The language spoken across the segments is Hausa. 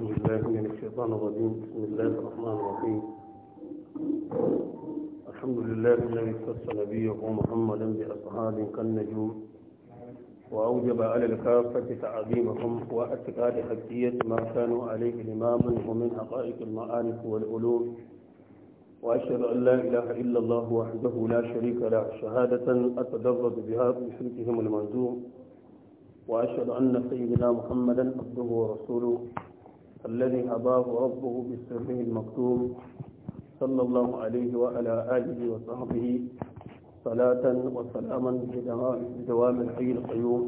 أعوذ بالله من الشيطان الرجيم بسم الله الرحمن الرحيم الحمد لله الذي اختص نبيه محمدا بأصحاب كالنجوم وأوجب على الكافة تعظيمهم واعتقاد حجية ما كانوا عليه إماما ومن حقائق المعارف والعلوم وأشهد أن لا إله إلا الله وحده لا شريك له شهادة أتدرج بها في شركهم المنزوم وأشهد أن سيدنا محمدا عبده ورسوله الذي هباه ربه بسره المكتوم صلى الله عليه وعلى آله وصحبه صلاة وسلاما بدوام الحي القيوم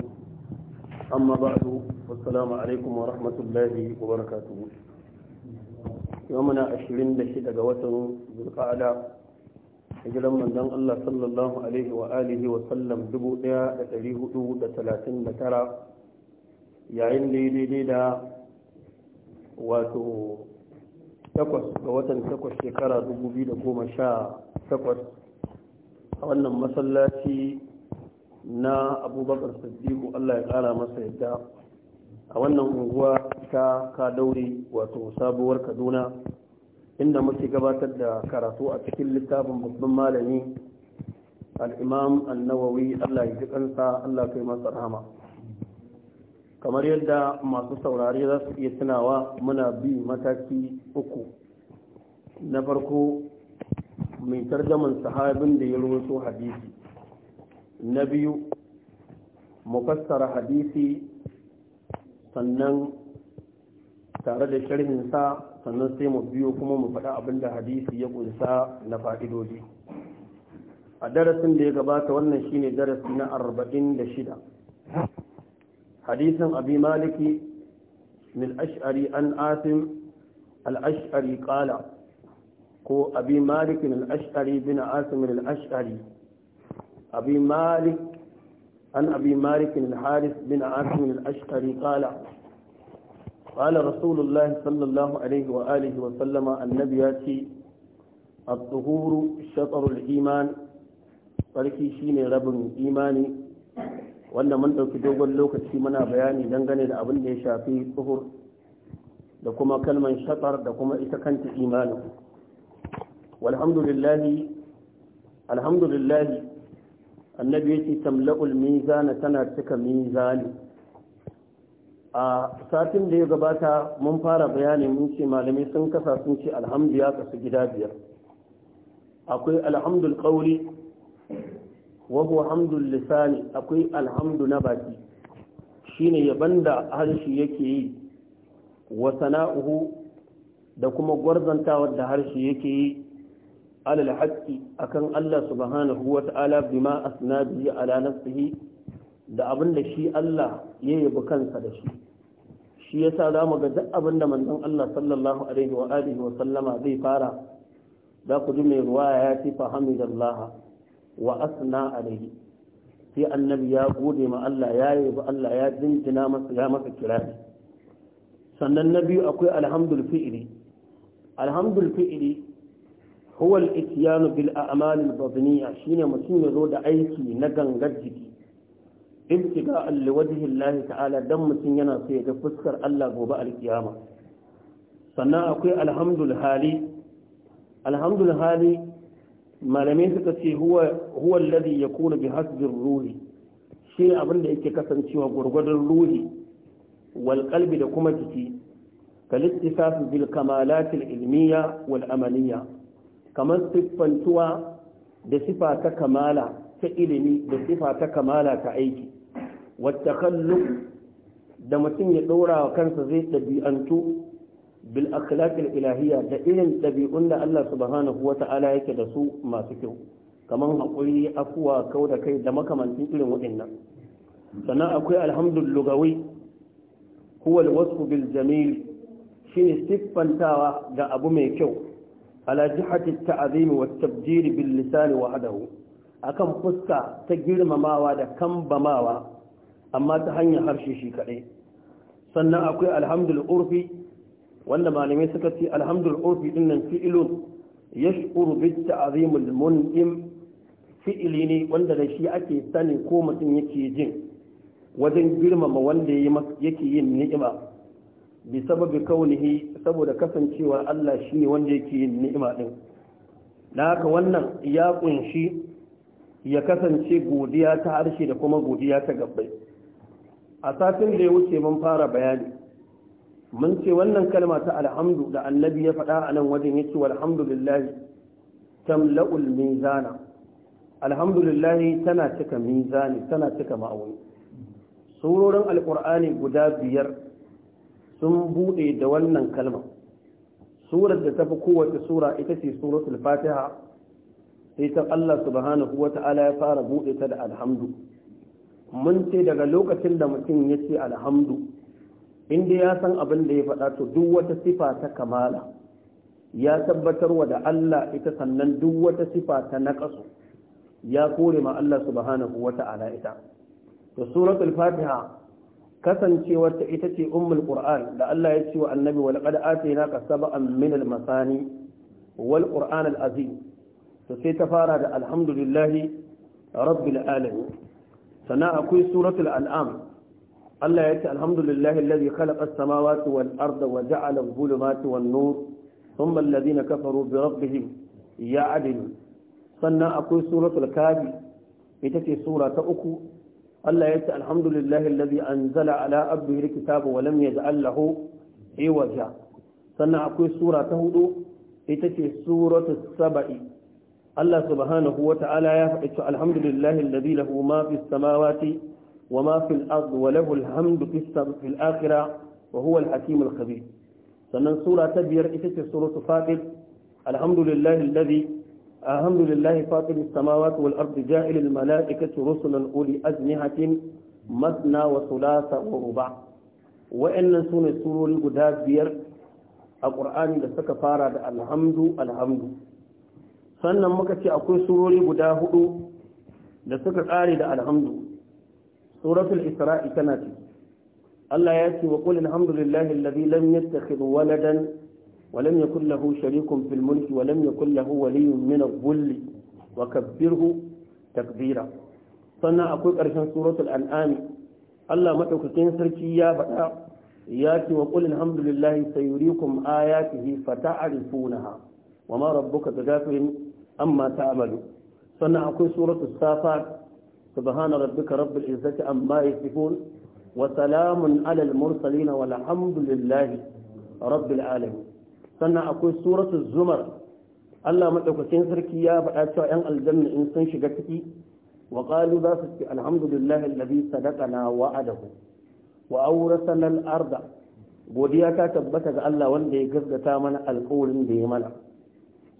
أما بعد والسلام عليكم ورحمة الله وبركاته يومنا عشرين لشدة وطن بالقعدة عليه وآله وسلم sallallahu alaihi wa alihi wa sallam 1439 لي لي da wato takwas ga watan takwas shekara da goma takwas a wannan masallaci na abubakar sadiku allah ya kara masa yadda a wannan unguwa ta kadauri wato sabuwar kaduna inda muke gabatar da karatu a cikin littafin babban malami al'imam annawawi allah ya ji kansa allah kai masa rahama kamar yadda masu saurari za su iya tunawa muna bi mataki uku na farko mai tarjaman sahabin da ya rawaito hadisi na biyu fassara hadisi sannan tare da sa sannan sai mu biyo kuma mu faɗa abinda hadisi ya ƙunsa na fa'idoji a darasin da ya gabata wannan shine darasi na arba'in da shida حديث أبي مالك من الأشعري أن آثم الأشعري قال هو أبي مالك الأشعري بن آثم الأشعري أبي مالك عن أبي مالك الحارث بن عاصم الأشعري قال قال رسول الله صلى الله عليه وآله وسلم النبيات الطهور شطر الإيمان فلكي شين رب الإيمان wanda mun ɗauki dogon lokaci muna bayani dangane da abin da ya shafi tsuhur da kuma kalman shatar da kuma ita kanta imanin walhamdulillahi alhamdulillahi annabi ya ce tamla'ul mizana tana cika mizani a satin da ya gabata mun fara bayani mun ce malamai sun kasa sun ce alhamdu ya kasu gida biyar akwai alhamdul ƙauri wa huwa lisani akwai alhamdu na baki shine yaban da harshe yake yi wa sana'uhu da kuma gwarzantawa da harshe yake yi alal haqqi akan Allah subhanahu wa ta'ala bima asna bihi ala nafsihi da abin da shi Allah ya yabi kansa da shi shi yasa za mu ga duk abin da manzon Allah sallallahu alaihi wa alihi wa sallama zai fara za ku ji mai ruwaya ya ce fa hamidallah wa asna alaihi sai annabi ya gode ma Allah ya yabi Allah ya jinjina masa ya masa kirari sannan na biyu akwai alhamdul fi'ili alhamdul fi'ili huwa al-ityanu bil a'mal al-badniya shine mutum ya zo da aiki na gangar jiki ibtiga al-wajhi Allah ta'ala dan mutum yana so ya ga fuskar Allah gobe al-kiyama sannan akwai alhamdul hali alhamdul hali malamai suka ce huwa alladhi ya bi hasbir ruhi shi abin da yake kasancewa gurgurdan ruhi wal da kuma jiki kal ittisaf bil kamalatil al ilmiya wal amaliya kamar siffantuwa da sifa ta kamala ta ilimi da sifa ta kamala ta aiki wata da mutum ya ɗora wa kansa zai ɗabi'antu bil akhlaqil ilahiyya da irin ɗabi'un da Allah subhanahu wata'ala yake da su masu kyau Kamar hakuri afuwa kau da kai da makamantin irin waɗannan sannan akwai alhamdul lugawi huwa wasu bil jamil shine siffantawa da abu mai kyau ala jihati ta'zim wa tabjir bil lisan wahdahu akan fuska ta girmamawa da kambamawa amma ta hanyar harshe shi kaɗai sannan akwai alhamdul urfi wanda malamai suka ce alhamdul ofi din nan fi'ilun yashkuru bit ta'zimul mun'im fi'ili ne wanda da shi ake sani ko mutum yake jin wajen girmama wanda yake yin ni'ima bi sababi kaunihi saboda kasancewa Allah shi ne wanda yake yin ni'ima din da haka wannan ya kunshi ya kasance godiya ta harshe da kuma godiya ta gabbai a satin da ya wuce mun fara bayani mun ce wannan kalma ta alhamdu da annabi ya faɗa a nan wajen yake walhamdulillahi tamla'ul mizana alhamdulillahi tana cika mizani tana cika ma'auni surorin Alƙur'ani guda biyar sun buɗe da wannan kalma surar da ta fi kowace sura ita ce suratul fatiha sai ta Allah subhanahu wa ta'ala ya fara buɗe ta da alhamdu mun ce daga lokacin da mutum ya ce alhamdu inda ya san abin da ya faɗa to duk wata sifa ta kamala ya tabbatarwa da Allah ita sannan duk wata sifa ta naƙasu ya kore ma Allah subhanahu wa ita to suratul fatiha kasancewarta ita ce ummul qur'an da Allah ya ce wa annabi wa laqad atainaka sab'an min al-masani wal qur'an al-azim to sai ta fara da alhamdulillahi rabbil alamin sana akwai suratul an'am Allah ya ce alhamdulillahi allazi khalaqa as-samawati wal arda wa ja'ala adh-dhulumati wan nur thumma alladhina kafaru bi rabbihim ya'dilun sannan akwai suratul kafi ita ce sura ta uku Allah ya ce alhamdulillahi allazi anzala ala abdihi al-kitaba wa lam yaj'al lahu iwaja sannan akwai sura ta hudu ita ce suratul saba'i Allah subhanahu wa ta'ala ya faɗi alhamdulillahi allazi lahu ma fis samawati وما في الأرض وله الحمد في الآخرة وهو الحكيم الخبير sannan sura ta biyar ita ce suratu fatir alhamdulillahi alladhi alhamdulillahi fatir as-samawati wal ardi ja'il al mala'ikati rusulan uli ajnihatin masna wa thulatha wa ruba wa'annan sune surori guda biyar a qur'ani da suka fara da alhamdu alhamdu sannan muka ce akwai surori guda hudu da suka kare da alhamdu suratul isra'i tana ce Allah ya ce wa qul alhamdulillahi alladhi lam yattakhidh waladan wa lam yakul lahu sharikun fil mulki wa lam yakul lahu waliyyun min adh-dhull wa kabbirhu takbira sannan akwai ƙarshen suratul an'ami Allah madaukakin sarki ya faɗa ya ce wa qul alhamdulillahi sayuriikum ayatihi fata'rifunaha wa ma rabbuka bighafilin amma ta'malu sannan akwai suratul safat subhana rabbika rabbil izzati amma yasifun wa salamun alal mursalin walhamdulillahi rabbil alamin sannan akwai suratu zumar Allah madaukakin sarki ya faɗa cewa yan aljanna in sun shiga ciki wa qalu za su ce alhamdulillahi alladhi sadaqana wa'adahu wa awrasana al-arda godiya ta tabbata ga Allah wanda ya gaskata mana alƙawarin da ya mana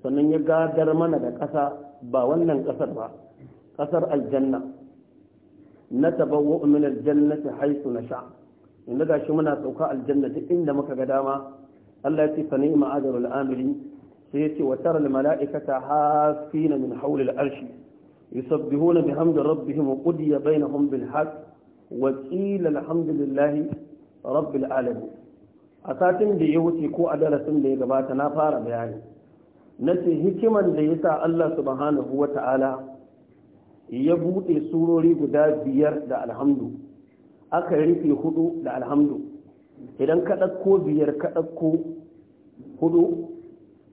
sannan ya gadar mana da ƙasa ba wannan ƙasar ba ƙasar aljanna Na natabawwa min aljannati haythu nasha inda gashi muna sauka aljanna duk inda muka ga dama Allah ya ce fa ni'ma ajrul amili sai ya wa tara al mala'ikata hafina min hawli al arshi yusabbihuna bihamdi rabbihim wa qudiya bainahum bil haqq wa qila alhamdulillahi rabbil alamin a satin da ya wuce ko a darasin da ya gabata na fara bayani na ce hikiman da ya sa Allah subhanahu wa ta'ala ya buɗe surori guda biyar da alhamdu aka rufe hudu da alhamdu idan ka ɗauko biyar ka ɗauko hudu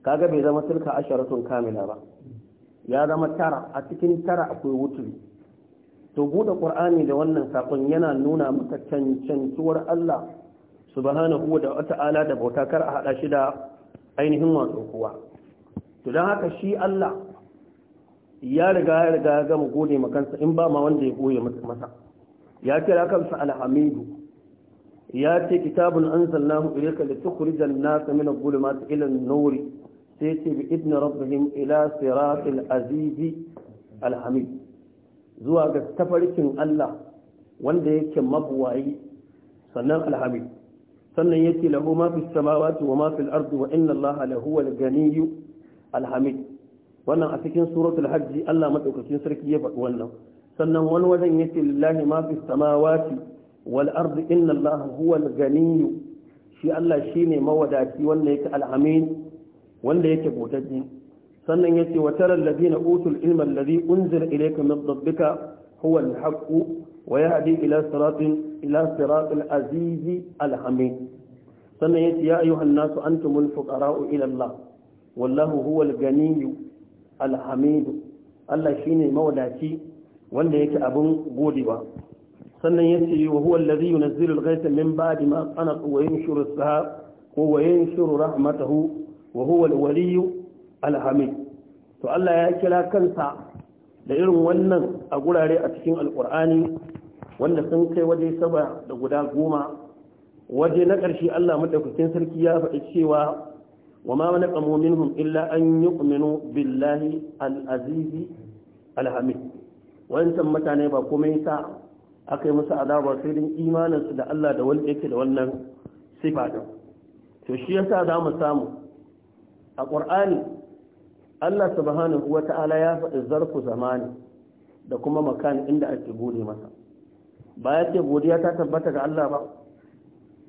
kaga bai zama tilka asharatun kamila ba ya zama tara a cikin tara akwai wuturi to buɗe ƙur'ani da wannan saƙon yana nuna maka cancantuwar Allah subhanahu da ta'ala da bauta kar a haɗa shi da ainihin wato kuwa to don haka shi Allah ya riga ya riga ya gama gode makansa in ba ma wanda ya goye masa ya kira kansa alhamidu ya ce kitabun anzalnahu ilayka litukhrijan nasa min gulma dhulumati ila nori nur sai ce bi idni rabbihim ila siratil aziz alhamid zuwa ga tafarkin Allah wanda yake mabuwayi sannan alhamid sannan yake lahu ma fi samawati wa ma fil ardi wa inna allaha lahu al alhamid wannan a cikin suratul hajji Allah madaukakin sarki ya faɗi wannan sannan wani wajen yace lillahi ma fi samawati wal ardi inna Allah huwal ganiyyu shi Allah shine mawadaci wanda yake al'amin wanda yake gotaji sannan yace wa taral ladina utul ilma alladhi unzila ilayka min rabbika huwa al-haqqu wa yahdi ila siratin ila siratil aziz al-hamid sannan yace ya ayyuhan nasu antumul fuqara'u ila Allah wallahu huwal ganiyyu alhamidu Allah shine mawadaci wanda yake abin godewa sannan yace wa huwa allazi yunzilu al-ghaytha min ba'di ma qanat wa yanshuru as-sahab wa yanshuru rahmatahu wa huwa al-waliy al-hamid to Allah ya kira kansa da irin wannan a gurare a cikin alqur'ani wanda sun kai waje saba da guda goma waje na ƙarshe Allah madaukakin sarki ya faɗi cewa وما نقموا منهم إلا أن يؤمنوا بالله العزيز الحميد وإن تمتعني بقميسا أكي مسا عذاب وسيرين إيمانا سدى الله دول إكل ولن سفادا فشيسا دام سامو القرآن الله سبحانه وتعالى يفعل الظرف زماني da kuma makan inda ake gode masa ba ya ce godiya ta tabbata ga Allah ba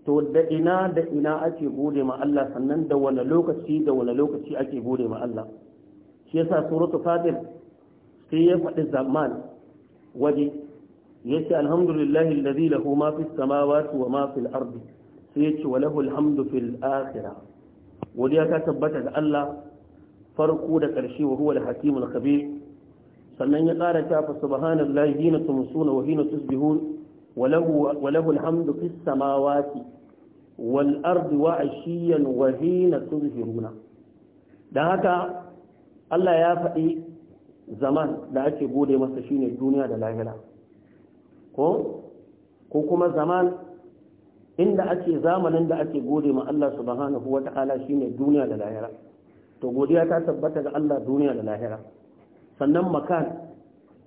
to da ina da ina ake gode ma Allah sannan da wane lokaci da wane lokaci ake gode ma Allah shi yasa suratu fatir sai ya faɗi zaman waje yace alhamdulillahi alladhi lahu ma fi samawati wa ma fil ardi sai yace wa lahu alhamdu fil akhirah ya ta tabbata ga Allah farko da ƙarshe wa huwa al-hakimul khabir sannan ya ƙara ta fa subhanallahi hina tumsuna wa hina tusbihun وله الحمد في السماوات والأرض وعشيا وهين ashiyan wa hina tuzhiruna dan haka Allah ya faɗi zaman da ake gode masa shine duniya da lahira ko ko kuma zaman inda ake zamanin da ake gode ma Allah subhanahu wata'ala shine duniya da lahira to godiya ta tabbata ga Allah duniya da lahira sannan makan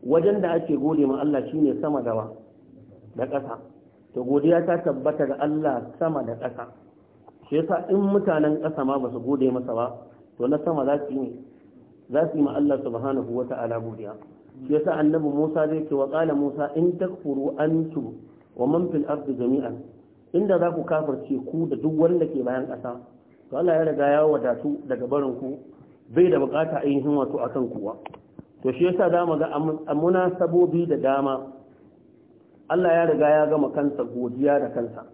wajen da ake gode ma Allah shine sama wa. da ƙasa to godiya ta tabbata ga Allah sama da ƙasa shi yasa in mutanen ƙasa ma ba su gode masa ba to na sama za su yi za su yi ma Allah subhanahu wa ta'ala godiya shi yasa annabi Musa zai ce wa qala Musa in takfuru antum wa man fil ardi jami'an inda za ku kafirce ku da duk wanda ke bayan ƙasa to Allah ya riga ya wadatu daga barin ku bai da bukata ainihin wato akan kuwa to shi yasa zamu ga a munasabobi da dama Allah ya riga ya gama kansa godiya da kansa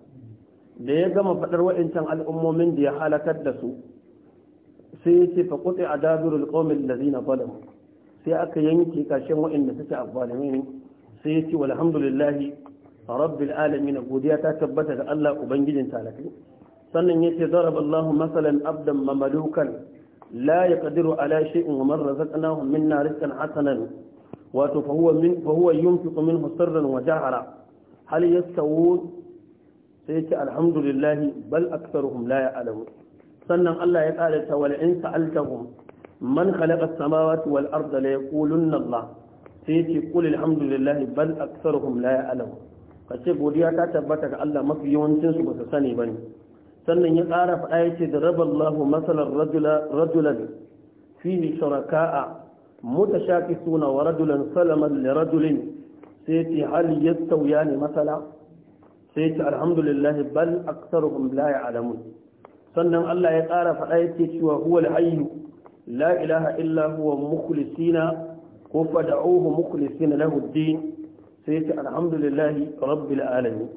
da ya gama faɗar wa'incan al'ummomin da ya halakar da su sai ya ce faƙuɗe a dabirul ƙomin da zina zalamu sai aka yanke ƙarshen wa'inda suke abbalimin sai ya ce walhamdulillahi rabbil alamin godiya ta tabbata da Allah ubangijin talakai sannan ya ce zaraballahu masalan abdan mamalukan la ya ƙadiru ala shi'in wa man razaqnahu minna rizqan hasanan wato fa huwa min fa huwa yunfiqu minhu sirran wa hal yastawun sai yace alhamdulillah bal aktharuhum la ya'lamun sannan Allah ya kare ta wal in sa'altahum man khalaqa as-samawati wal arda la yaqulunna Allah sai yace qul alhamdulillah bal aktharuhum la ya'lamun kace godiya ta tabbata ga Allah mafi yawancin su ba su sani bane sannan ya ƙara faɗa ya da raballahu matsalar rajulan fiye shuraka'a متشاكسون ورجلا سلما لرجل سيتي هل يستويان مثلا سيتي الحمد لله بل أكثرهم لا يعلمون سنن الله يقال فأيتي وهو الحي لا إله إلا هو مخلصين وفدعوه مخلصين له الدين سيتي الحمد لله رب العالمين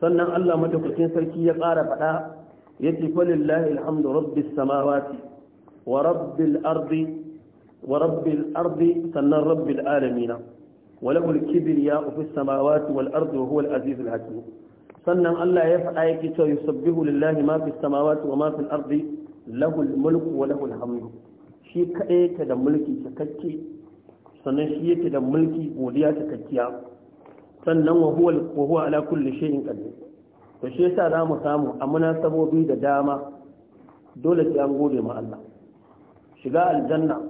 سنن الله متقسين سيتي يقال فأيتي فلله الحمد رب السماوات ورب الأرض wa rabbil ardi sannan rabbil alamina wa lahu al-kibriya fi wa huwa al sannan Allah ya faɗa yake cewa yusabbihu lillahi ma fi samawati wa ma fi al mulku wa hamdu shi yake da mulki sannan shi yake da mulki godiya sannan wa huwa wa huwa ala kulli shay'in qadir to shi yasa za mu samu a munasabobi da dama dole sai an gode ma Allah shiga aljanna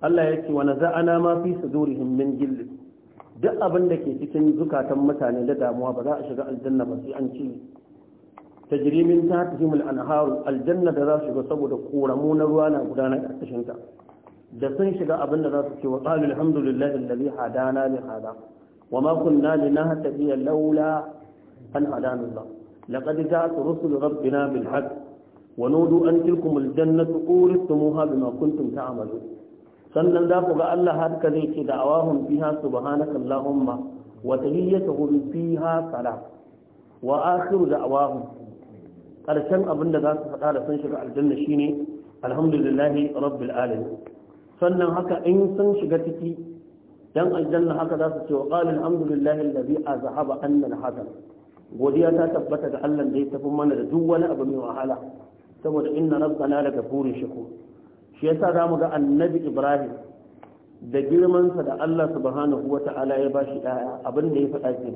Allah ya ce wa naza'ana ma fi su sudurihim min gill duk abin da ke cikin zukatan mutane da damuwa ba za a shiga aljanna ba sai an ci tajri min ta al-anharu aljanna da za su shiga saboda koramu na ruwa na gudana karkashin ta da sun shiga abin da za su ce wa qalu alhamdulillahi alladhi hadana li hada wa ma kunna linahtadiya laula an hadana Allah laqad ja'at rusul rabbina bil haqq ونودوا أن تلكم الجنة أورثتموها بما كنتم تعملون sannan za ku ga Allah haka zai ce da awahun fiha subhanaka allahumma wa tahiyyatuhum fiha salam wa akhiru da'awahum karshen abin da za su faɗa da sun shiga aljanna shine alhamdulillahi rabbil alamin sannan haka in sun shiga ciki dan aljanna haka za su ce wa qala alhamdulillahi allazi azhaba anna al godiya ta tabbata ga Allah da ya tafi mana da duk wani abu mai wahala saboda inna rabbana daga burin shakur shi yasa za mu ga annabi ibrahim da girmansa da allah subhanahu wa ta'ala ya ba shi ɗaya abin da ya faɗa ke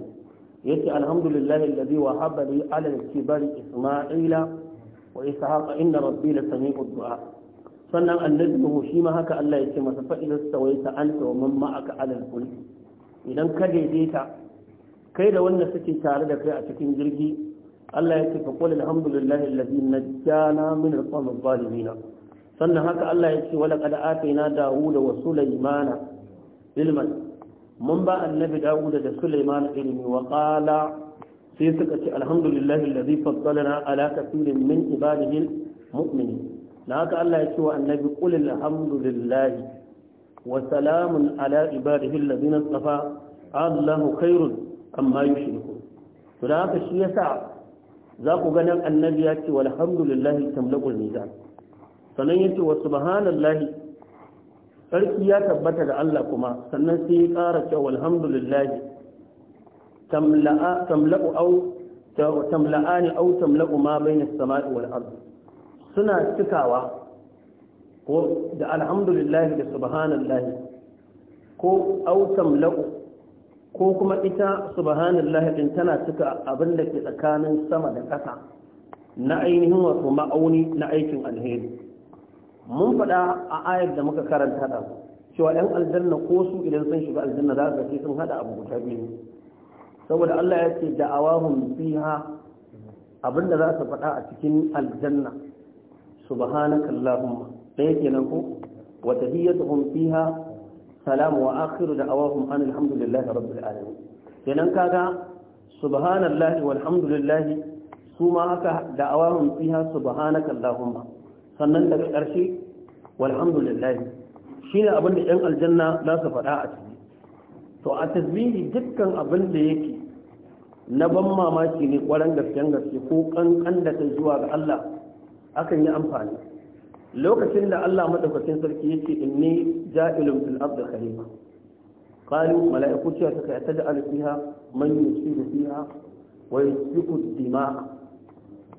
ya ce alhamdulillahi alladhi wa habba li ala kibari isma'ila wa ishaqa inna rabbi la sami'u du'a sannan annabi mu shi ma haka allah ya ce masa fa idza sawaita anta wa man ma'aka ala al idan ka daidaita kai da wanda suke tare da kai a cikin jirgi Allah ya ce ka kula alhamdulillahi alladhi najjana min al-qawmi adh-dhalimin sannan haka Allah ya ce wala qad atayna dawuda wa sulaymana ilman mun ba annabi dawuda da sulaymana ilmi wa qala sai suka ce alhamdulillahi alladhi faddalana ala kathirin min ibadihi mu'mini na haka Allah ya ce wa annabi qul alhamdulillahi wa salamun ala ibadihi alladhina istafa Allahu khairun amma yushrikun to da haka shi yasa za ku ganin annabi ya ce walhamdulillahi tamlaqul mizan sannan ya ce wa subhanallahi sarki ya tabbata da Allah kuma sannan sai ya ƙara cewa alhamdulillahi tamla'u au tamla'ani au tamla'u ma bayna as-sama'i wal ardh suna cikawa ko da alhamdulillahi da subhanallahi ko au tamla'u ko kuma ita subhanallahi din tana cika abin da ke tsakanin sama da ƙasa na ainihin wato ma'auni na aikin alheri mun faɗa a ayar da muka karanta da cewa ɗan aljanna ko su idan sun shiga aljanna za su ce sun haɗa abu guda biyu saboda Allah ya ce awahun fiha abin da za su faɗa a cikin aljanna subhanaka allahumma ɗaya kenan ko wa tahiyyatuhum fiha salamu wa akhiru alhamdulillah alhamdulillahi rabbil alamin kenan kaga subhanallahi walhamdulillahi su ma haka awahun fiha subhanaka allahumma sannan daga ƙarshe walhamdulillah ne abin da 'yan aljanna za su faɗa a ciki to a tasbihi dukkan abin da yake na ban mamaki ne ƙwaran gasken gaske ko ƙanƙan da ta zuwa ga Allah akan yi amfani lokacin da Allah madaukakin sarki yake inni ja'ilun fil ardi khalifa qalu mala'iku ce ta kai ta da fiha man yusiru fiha wa yusbiqu dima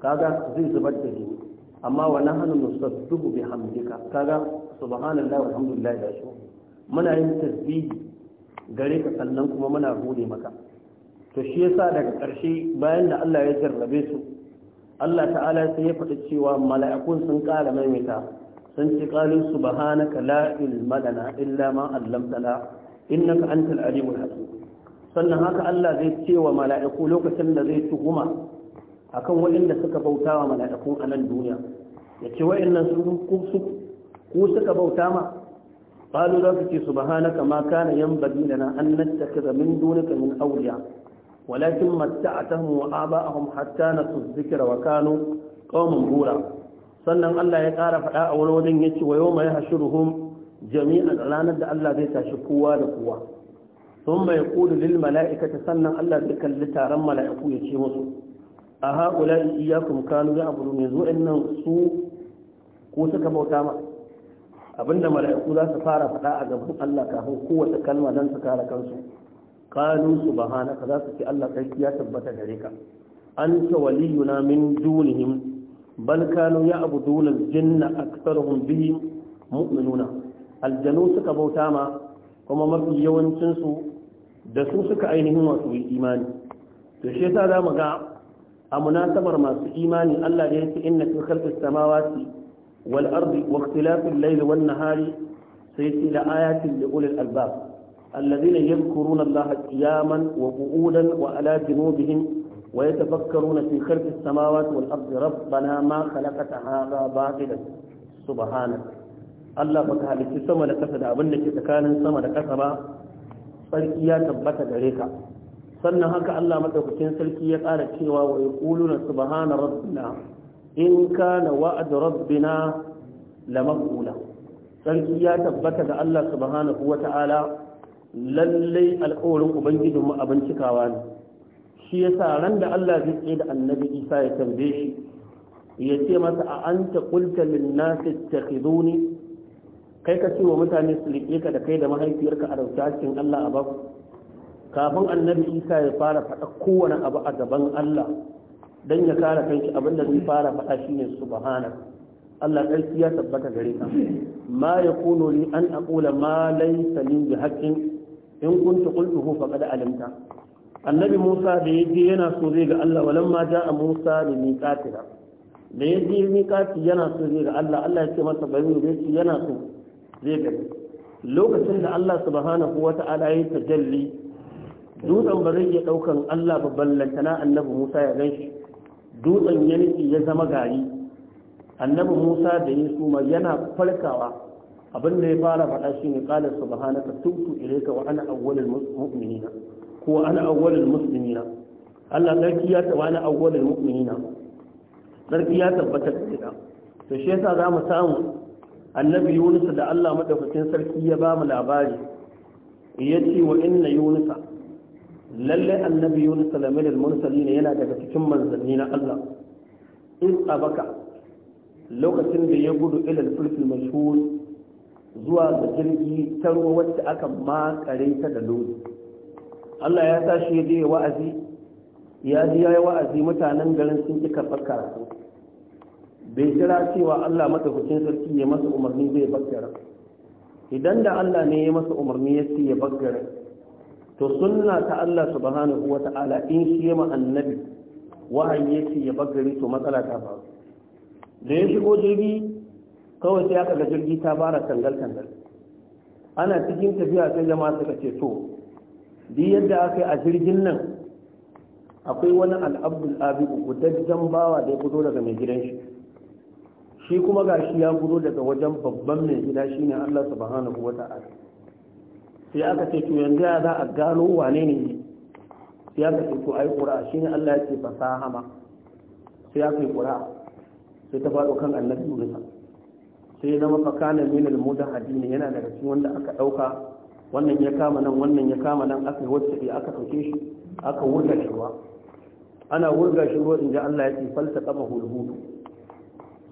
kaga zai zubar da jini amma wa nahnu nusabbihu bihamdika kaga subhanallahi walhamdulillahi da shi muna yin tasbihi gare ka sannan kuma muna gode maka to shi yasa daga ƙarshe bayan da Allah ya jarrabe su Allah ta'ala sai ya faɗi cewa mala'ikun sun ƙara maimaita sun ci qalu subhanaka la ilma lana illa ma 'allamtana innaka antal alimul sannan haka Allah zai ce wa mala'iku lokacin da zai tuhuma akan waɗanda suka bauta wa mala'ikun a nan duniya ya ce waɗannan su ku suka bauta ma qalu za ku ce subhanaka ma kana yanbaghi lana an nattakhidha min dunika min awliya walakin matta'atahum wa aba'ahum hatta nasu dhikra wa kanu qauman bura sannan Allah ya ƙara faɗa a wani wajen yace wa mai yahshuruhum jami'an ranar da Allah zai tashi kowa da kowa sun mai kudu lil mala'ikata sannan Allah zai kalli taron mala'iku ya ce musu a haƙula iyakun kanu ya abu yanzu nan su ko suka bauta ma abinda mala'iku za su fara faɗa a gaban Allah kafin kowace kalma don su kare kansu kanu su bahana ka za su ce Allah kai ya tabbata gare ka an ta waliyuna min dunihim bal kanu ya abu dunan jinna aksaruhum bihi mu'minuna aljanu suka bauta ma kuma mafi yawancinsu da su suka ainihin wasu imani to shi yasa za mu ga a munasabar masu imani Allah da yake inna fi khalqis samawati wal ardi wa ikhtilafil layli wan nahari sai yake da ayatin da ulil albab alladhina yadhkuruna Allah qiyaman wa qu'udan wa ala junubihim wa yatafakkaruna fi khalqis samawati wal ardi rabbana ma khalaqta hadha batilan subhanaka Allah baka halitta sama da kasa da abin da ke tsakanin sama da kasa ba sarki ya tabbata gare ka sannan haka Allah madaukakin sarki ya ƙara cewa wa yaquluna subhana rabbina in kana wa'd rabbina lamaqula sarki ya tabbata da Allah subhanahu wata'ala lallai alƙawarin ubangijin mu abin cikawa ne shi yasa ran da Allah zai tsaye da annabi Isa ya tambaye shi ya ce masa a anta qulta lin nasi ittakhiduni kai ka ce wa mutane su liƙe ka da kai da mahaifiyarka a rauta cikin Allah a baku kafin annabi isa ya fara faɗa kowane abu a gaban allah don ya kare kanshi abin da zai fara faɗa shi ne su subhana allah ɗarki ya tabbata gare ka ma ya kuno li an aqula ma laysa li bi haƙƙin, in kuntu qultuhu faqad alimta annabi musa da ya je yana so zai ga allah walamma ja'a musa li miqatina da ya je miqati yana so zai ga allah allah ya ce masa bari ne yana so zai ga lokacin da allah subhanahu wata'ala ya tajalli dutsen ba zai iya ɗaukan Allah ba ballantana annabi Musa ya gan shi dutsen ya nufi ya zama gari annabi Musa da ya suma yana farkawa abin da ya fara faɗa shi ne ƙala subhanaka tubtu ilayka wa ana awwalul mu'minina ko ana awwalul muslimina Allah sarki ya taba ana awwalul mu'minina sarki ya tabbata da to shi yasa zamu samu annabi Yunus da Allah madaukakin sarki ya ba mu labari yace wa inna Yunusa lalle annabi yunus salamin al-mursalin yana daga cikin manzanni na Allah in baka lokacin da ya gudu ilal mai mashhur zuwa ga jirgi ta ruwa wacce aka makare ta da lodi Allah ya sa shi wa'azi ya ji yayi wa'azi mutanen garin sun ki karɓar karatu bai jira cewa Allah madaukakin sarki ya masa umarni zai baggara idan da Allah ne ya masa umarni ya ce ya baggara to sunna ta Allah subhanahu wa ta'ala in shi ma annabi wahayi yake ya bagari to matsala ta faru da ya shigo jirgi kawai sai aka ga jirgi ta fara tangal tangal ana cikin tafiya sai jama'a suka ce to duk yadda aka yi a jirgin nan akwai wani al'abdul abi gudajjen bawa da ya fito daga mai gidan shi shi kuma gashi ya fito daga wajen babban mai gida shine Allah subhanahu wa sai aka ce to yanzu ya za a gano wane ne sai aka ce to ai ƙura shi ne Allah ya ce fasaha ma sai aka yi ƙura sai ta faɗo kan annabi Musa sai ya zama fakana min al-mudahadi ne yana daga cikin wanda aka ɗauka wannan ya kama nan wannan ya kama nan aka yi wacce aka ɗauke shi aka wurga shi ruwa ana wurga shi ruwa inji Allah ya ce falta kama hulhudu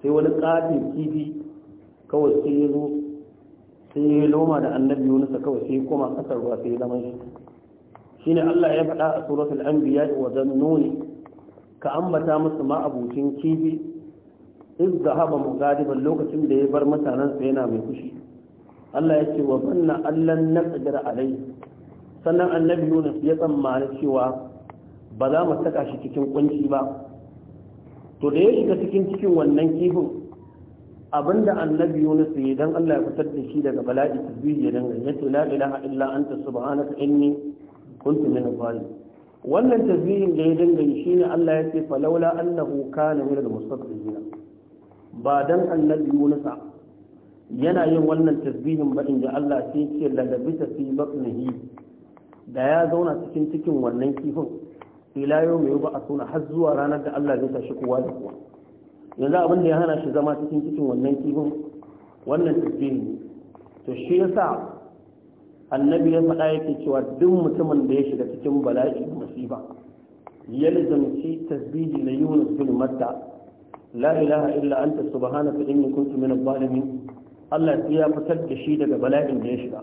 sai wani ƙatin kifi kawai sai ya zo sai ya loma da annabi Yunus kawai sai koma kasar ruwa sai zaman shi shine Allah ya faɗa a suratul anbiya wa zannuni ka ambata musu ma abucin kibi iz zahaba mugadiban lokacin da ya bar sa yana mai fushi Allah ya ce wa banna allan naqdir alai sannan annabi Yunus ya tsammani cewa ba za mu saka shi cikin kunci ba to da ya shiga cikin cikin wannan kifin Abin da annabi Yunus ya dan Allah ya fitar da shi daga bala'i tasbihi ya danga yace la ilaha illa anta subhanaka inni kuntu min adh wannan tasbihin da ya danga ne Allah ya ce falaula annahu kana min al-mustaqbilina ba dan annabi Yunus yana yin wannan tasbihin ba inda Allah sai ce lalabita fi batnihi da ya zauna cikin cikin wannan kifin ila yau mai ba a suna har zuwa ranar da Allah zai tashi kowa da kowa yanzu abin da ya hana shi zama cikin cikin wannan kifin wannan tafiye ne to shi yasa annabi ya faɗa yake cewa duk mutumin da ya shiga cikin bala'i masifa ya lazamci tasbihi na yunus bin matta la ilaha illa anta subhanaka inni kuntu min adh-dhalimin Allah sai ya fitar da shi daga bala'in da ya shiga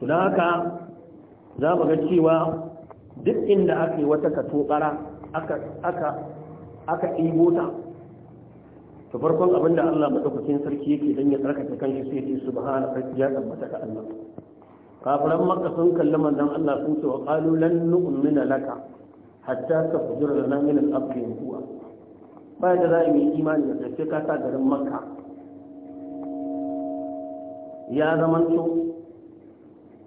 to dan haka za mu ga cewa duk inda aka yi wata katobara aka aka aka ɗibo ta to farkon abin da Allah madaukakin sarki yake dan ya tsarkake kanshi sai ce subhana rabbi ya tabbata ka Allah kafiran makka sun kalli manzon Allah sun ce wa qalu lan nu'mina laka hatta tafjura lana min al-ardi yankuwa ba da za mu yi imani da sai ka sa garin makka ya zamanto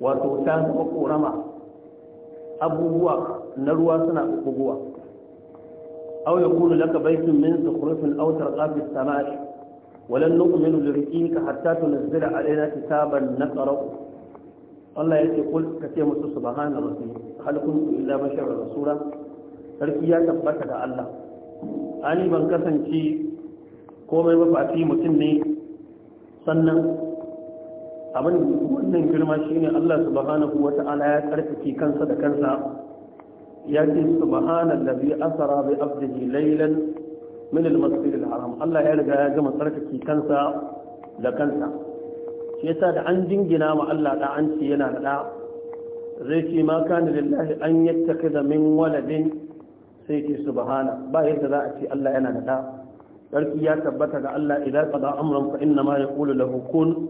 wato ta zama ƙorama. abubuwa na ruwa suna buguwa أو يكون لك بيت من زخرف أو ترقى في السماء ولن نؤمن لرقيك حتى تنزل علينا كتابا نقرأ الله يقول كثير مسو سبحان الرسول هل كنت إلا بشر رسولا sarki ya tabbata da Allah ani ban kasance komai mafafi mutum ne sannan abin wannan girma shine Allah subhanahu wata'ala ya karfafi kansa da kansa ya ce subhanan da bi asara bi abdihi laylan min al-masjid Allah ya riga ya gama tsarkake kansa da kansa shi yasa da an jingina ma Allah da an ce yana da zai ce ma kana lillahi an yattakhidha min waladin sai ce subhana ba yadda za a ce Allah yana da da sarki ya tabbata ga Allah idan qada amran fa inna ma yaqulu lahu kun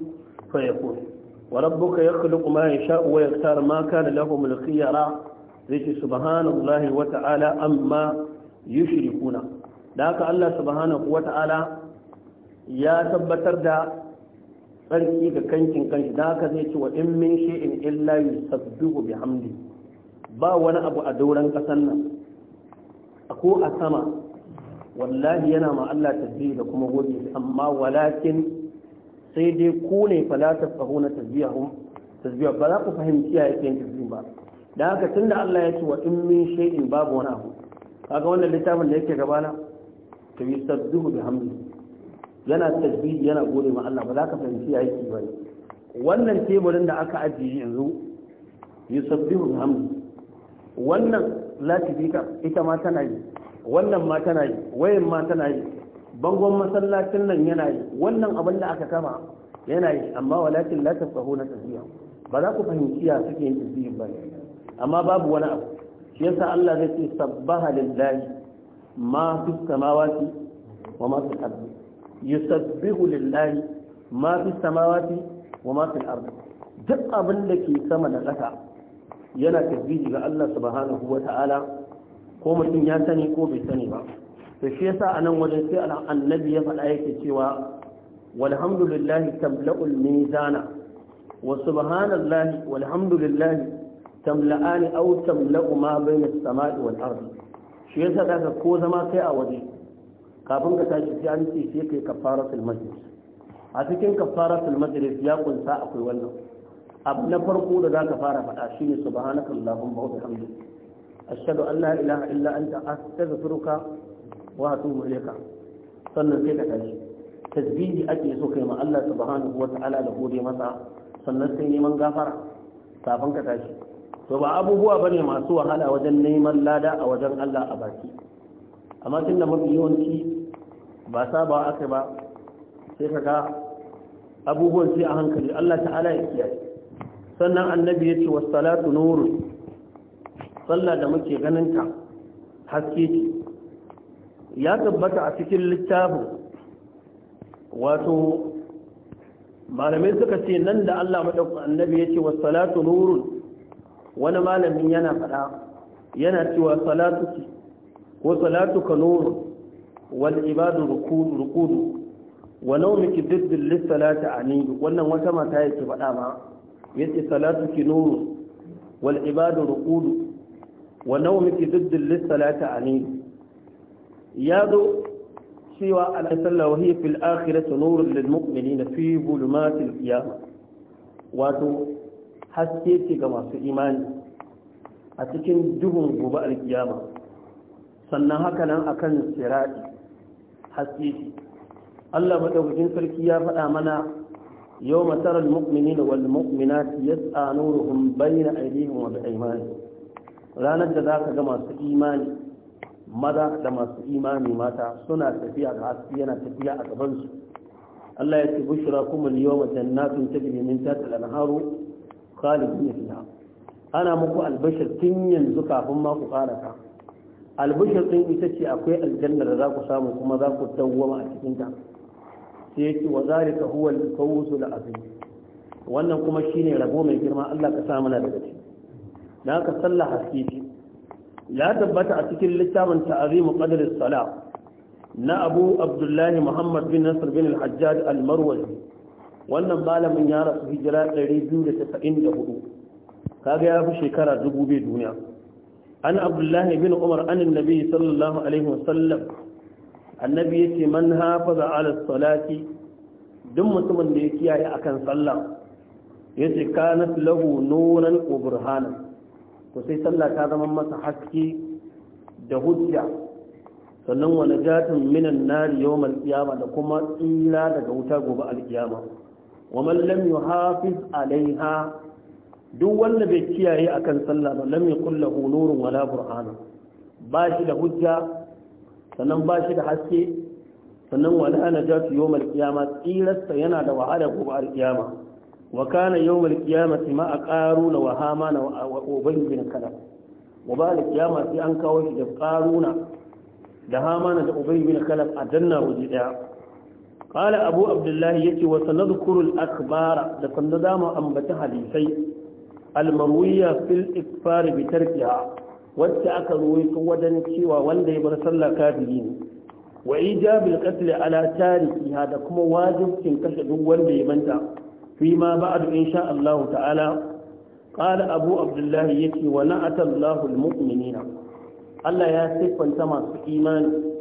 fayakun وربك يخلق ما يشاء ويختار ما كان لهم الخيار zai ce subhanallahi wa ta'ala amma yushrikuna da haka Allah subhanahu wa ta'ala ya tabbatar da tsarki ga kankin kanshi da haka zai ce wa in min shay'in illa yusabbihu bihamdi ba wani abu a dauran kasan nan ko a sama wallahi yana ma Allah tasbihi da kuma gode amma walakin sai dai ku ne fala tafahuna tasbihahum tasbih ba za ku fahimci ya yake ba da haka tun da Allah ya ce wa in min shay'in babu wani abu kaga wannan littafin da yake gabana to yastadduhu bi hamdi yana tasbih yana gode ma Allah ba za ka fahimci yaki ba ne wannan teburin da aka ajiye yanzu yastadduhu bi hamdi wannan latifika ita ma tana yi wannan ma tana yi wayan ma tana yi bangon masallacin nan yana yi wannan abin da aka kama yana yi amma walakin la tafahuna tasbihu ba za ku fahimci ya suke yin tasbihin ba ne amma babu wani abu shi yasa Allah zai ce sabbaha lillahi ma fi samawati wa ma fi ardi yusabbihu lillahi ma fi samawati wa ma fi ardi duk abin da ke sama da ƙasa yana tasbihi ga Allah subhanahu wa ta'ala ko mutum ya sani ko bai sani ba to shi yasa anan wajen sai annabi ya faɗa yake cewa walhamdulillahi tabla'ul mizana wa subhanallahi walhamdulillahi tamla'ani aw tamla'u ma bayna as-sama'i wal ardi shi yasa daga ko zama kai a waje kafin ka tashi sai an ce sai kai kafaratul majlis a cikin kafaratul majlis ya kunsa akwai wannan abu na farko da zaka fara faɗa shine subhanaka allahumma wa bihamdika ashhadu an la ilaha illa anta astaghfiruka wa atubu ilayka sannan sai ka tashi tasbihi ake so kai ma Allah subhanahu wa ta'ala da gode masa sannan sai neman gafara kafin ka tashi to ba abubuwa bane masu wahala wajen neman lada a wajen Allah a baki amma tun da mafi yawanci ba saba aka ba sai kaga abubuwan sai a hankali Allah ta'ala ya kiyaye sannan annabi yace was salatu nur sallah da muke ganin ta haske ce ya tabbata a cikin littafin wato malamai suka ce nan da Allah madaukakin annabi yace was salatu nurun wani malamin yana faɗa yana cewa salatu ko salatu ka nuru wal ibadu rukudu wa naumiki diddin lissalata a ni wannan wata mata yake faɗa ma yace salatu ki nuru wal ibadu rukudu wa naumiki diddin lissalata a ni ya zo cewa al'asalla wa hiya fil akhirati nurun lil mu'minina fi zulumatil qiyamah wato haske ce ga masu imani a cikin duhun gobe alkiyama sannan haka nan akan sirati haske ce Allah madaukakin sarki ya faɗa mana yau masarar mu'mini da wal mu'minati ya tsanuruhun bayyana ainihin wa imani ranar da za ka ga masu imani maza da masu imani mata suna tafiya ga haske yana tafiya a gabansu Allah ya ce bushra kuma yawma jannatin tajri min tahtiha al khalidina fiha ana muku albashir tun yanzu kafin ma ku karaka albashir din ita ce akwai aljanna da za ku samu kuma za ku dawwama a cikin ta sai yake wa zalika huwa al-fawzul azim wannan kuma shine rabo mai girma Allah ka sa mana daga ciki dan ka sallah haske ya tabbata a cikin littafin ta'azimu qadr as-salah na Abu Abdullahi Muhammad bin Nasr bin al-Hajjaj al-Marwazi wannan malamin ya rasu hijira 294 kaga ya fi shekara dubu bai duniya an abdullahi bin umar an annabi sallallahu alaihi wasallam annabi yace man hafaza ala salati duk mutumin da ya kiyaye akan sallah yace kanat lahu nuran wa burhana to sai sallah ta zama masa haske da hujja sannan wa najatun minan nar yawmal qiyama da kuma tsira daga wuta gobe alkiyama wa mallam lam yuhafiz alaiha duk wanda bai kiyaye akan sallah ba lam yakul lahu nurun wala burhan ba shi da hujja sannan ba shi da haske sannan wala ana jatu yawmal qiyama tsirarsa yana da wahala gobe alqiyama wa kana yawmal qiyamati ma aqaruna wa hamana wa ubayyin kala gobe alqiyama sai an kawo shi da qaruna da hama na da ubayyin kala a danna waje daya قال أبو عبد الله يتي وسنذكر الأخبار لكن دام أنبت حديثي المروية في الإكفار بتركها واتأك رويت ودنكي وولي برسل كافرين وإيجاب القتل على تاركي هذا كما واجب تنكشد ولي منتا فيما بعد إن شاء الله تعالى قال أبو عبد الله يتي ونعت الله المؤمنين الله يا سيف وانتما في إيمانه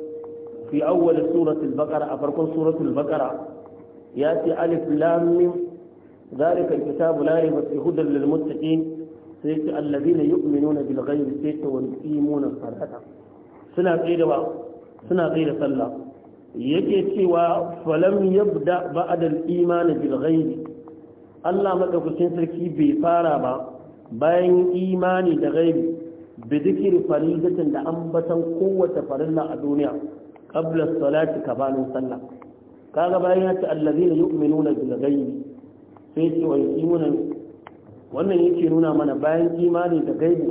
fi awwal suratul baqara a farkon suratul baqara ya ce alif lam mim zalika alkitabu la rayba fi hudan lil muttaqin sai ce alladhina yu'minuna bil ghaibi sai ta wa yuqimuna salata suna suna tsaye da sallah yake cewa falam yabda ba'da al Allah madaukakin sarki bai fara ba bayan imani da gaibi bi zikiri faridatin da ambatan kowace farilla a duniya qabla salati kabanin sallah kaga bayan ya ce allazina yu'minuna bil ghaibi sai ce wa yuqimuna wannan yake nuna mana bayan imani da gaibi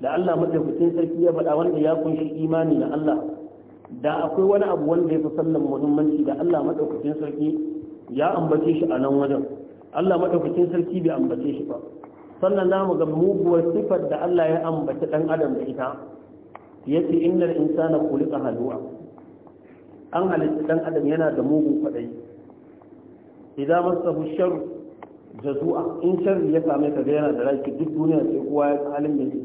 da Allah madaukakin sarki ya faɗa wanda ya kunshi imani da Allah da akwai wani abu wanda ya fi sallan muhimmanci da Allah madaukakin sarki ya ambace shi a nan wajen Allah madaukakin sarki bai ambace shi ba sannan za mu ga muguwar sifar da Allah ya ambaci dan adam da ita yace innal insana khuliqa halu'a an halitta dan adam yana da mugun kwadai idan masahu sharu jazu'a in sharri ya same ka yana da raki duk duniya sai kowa ya halin da yake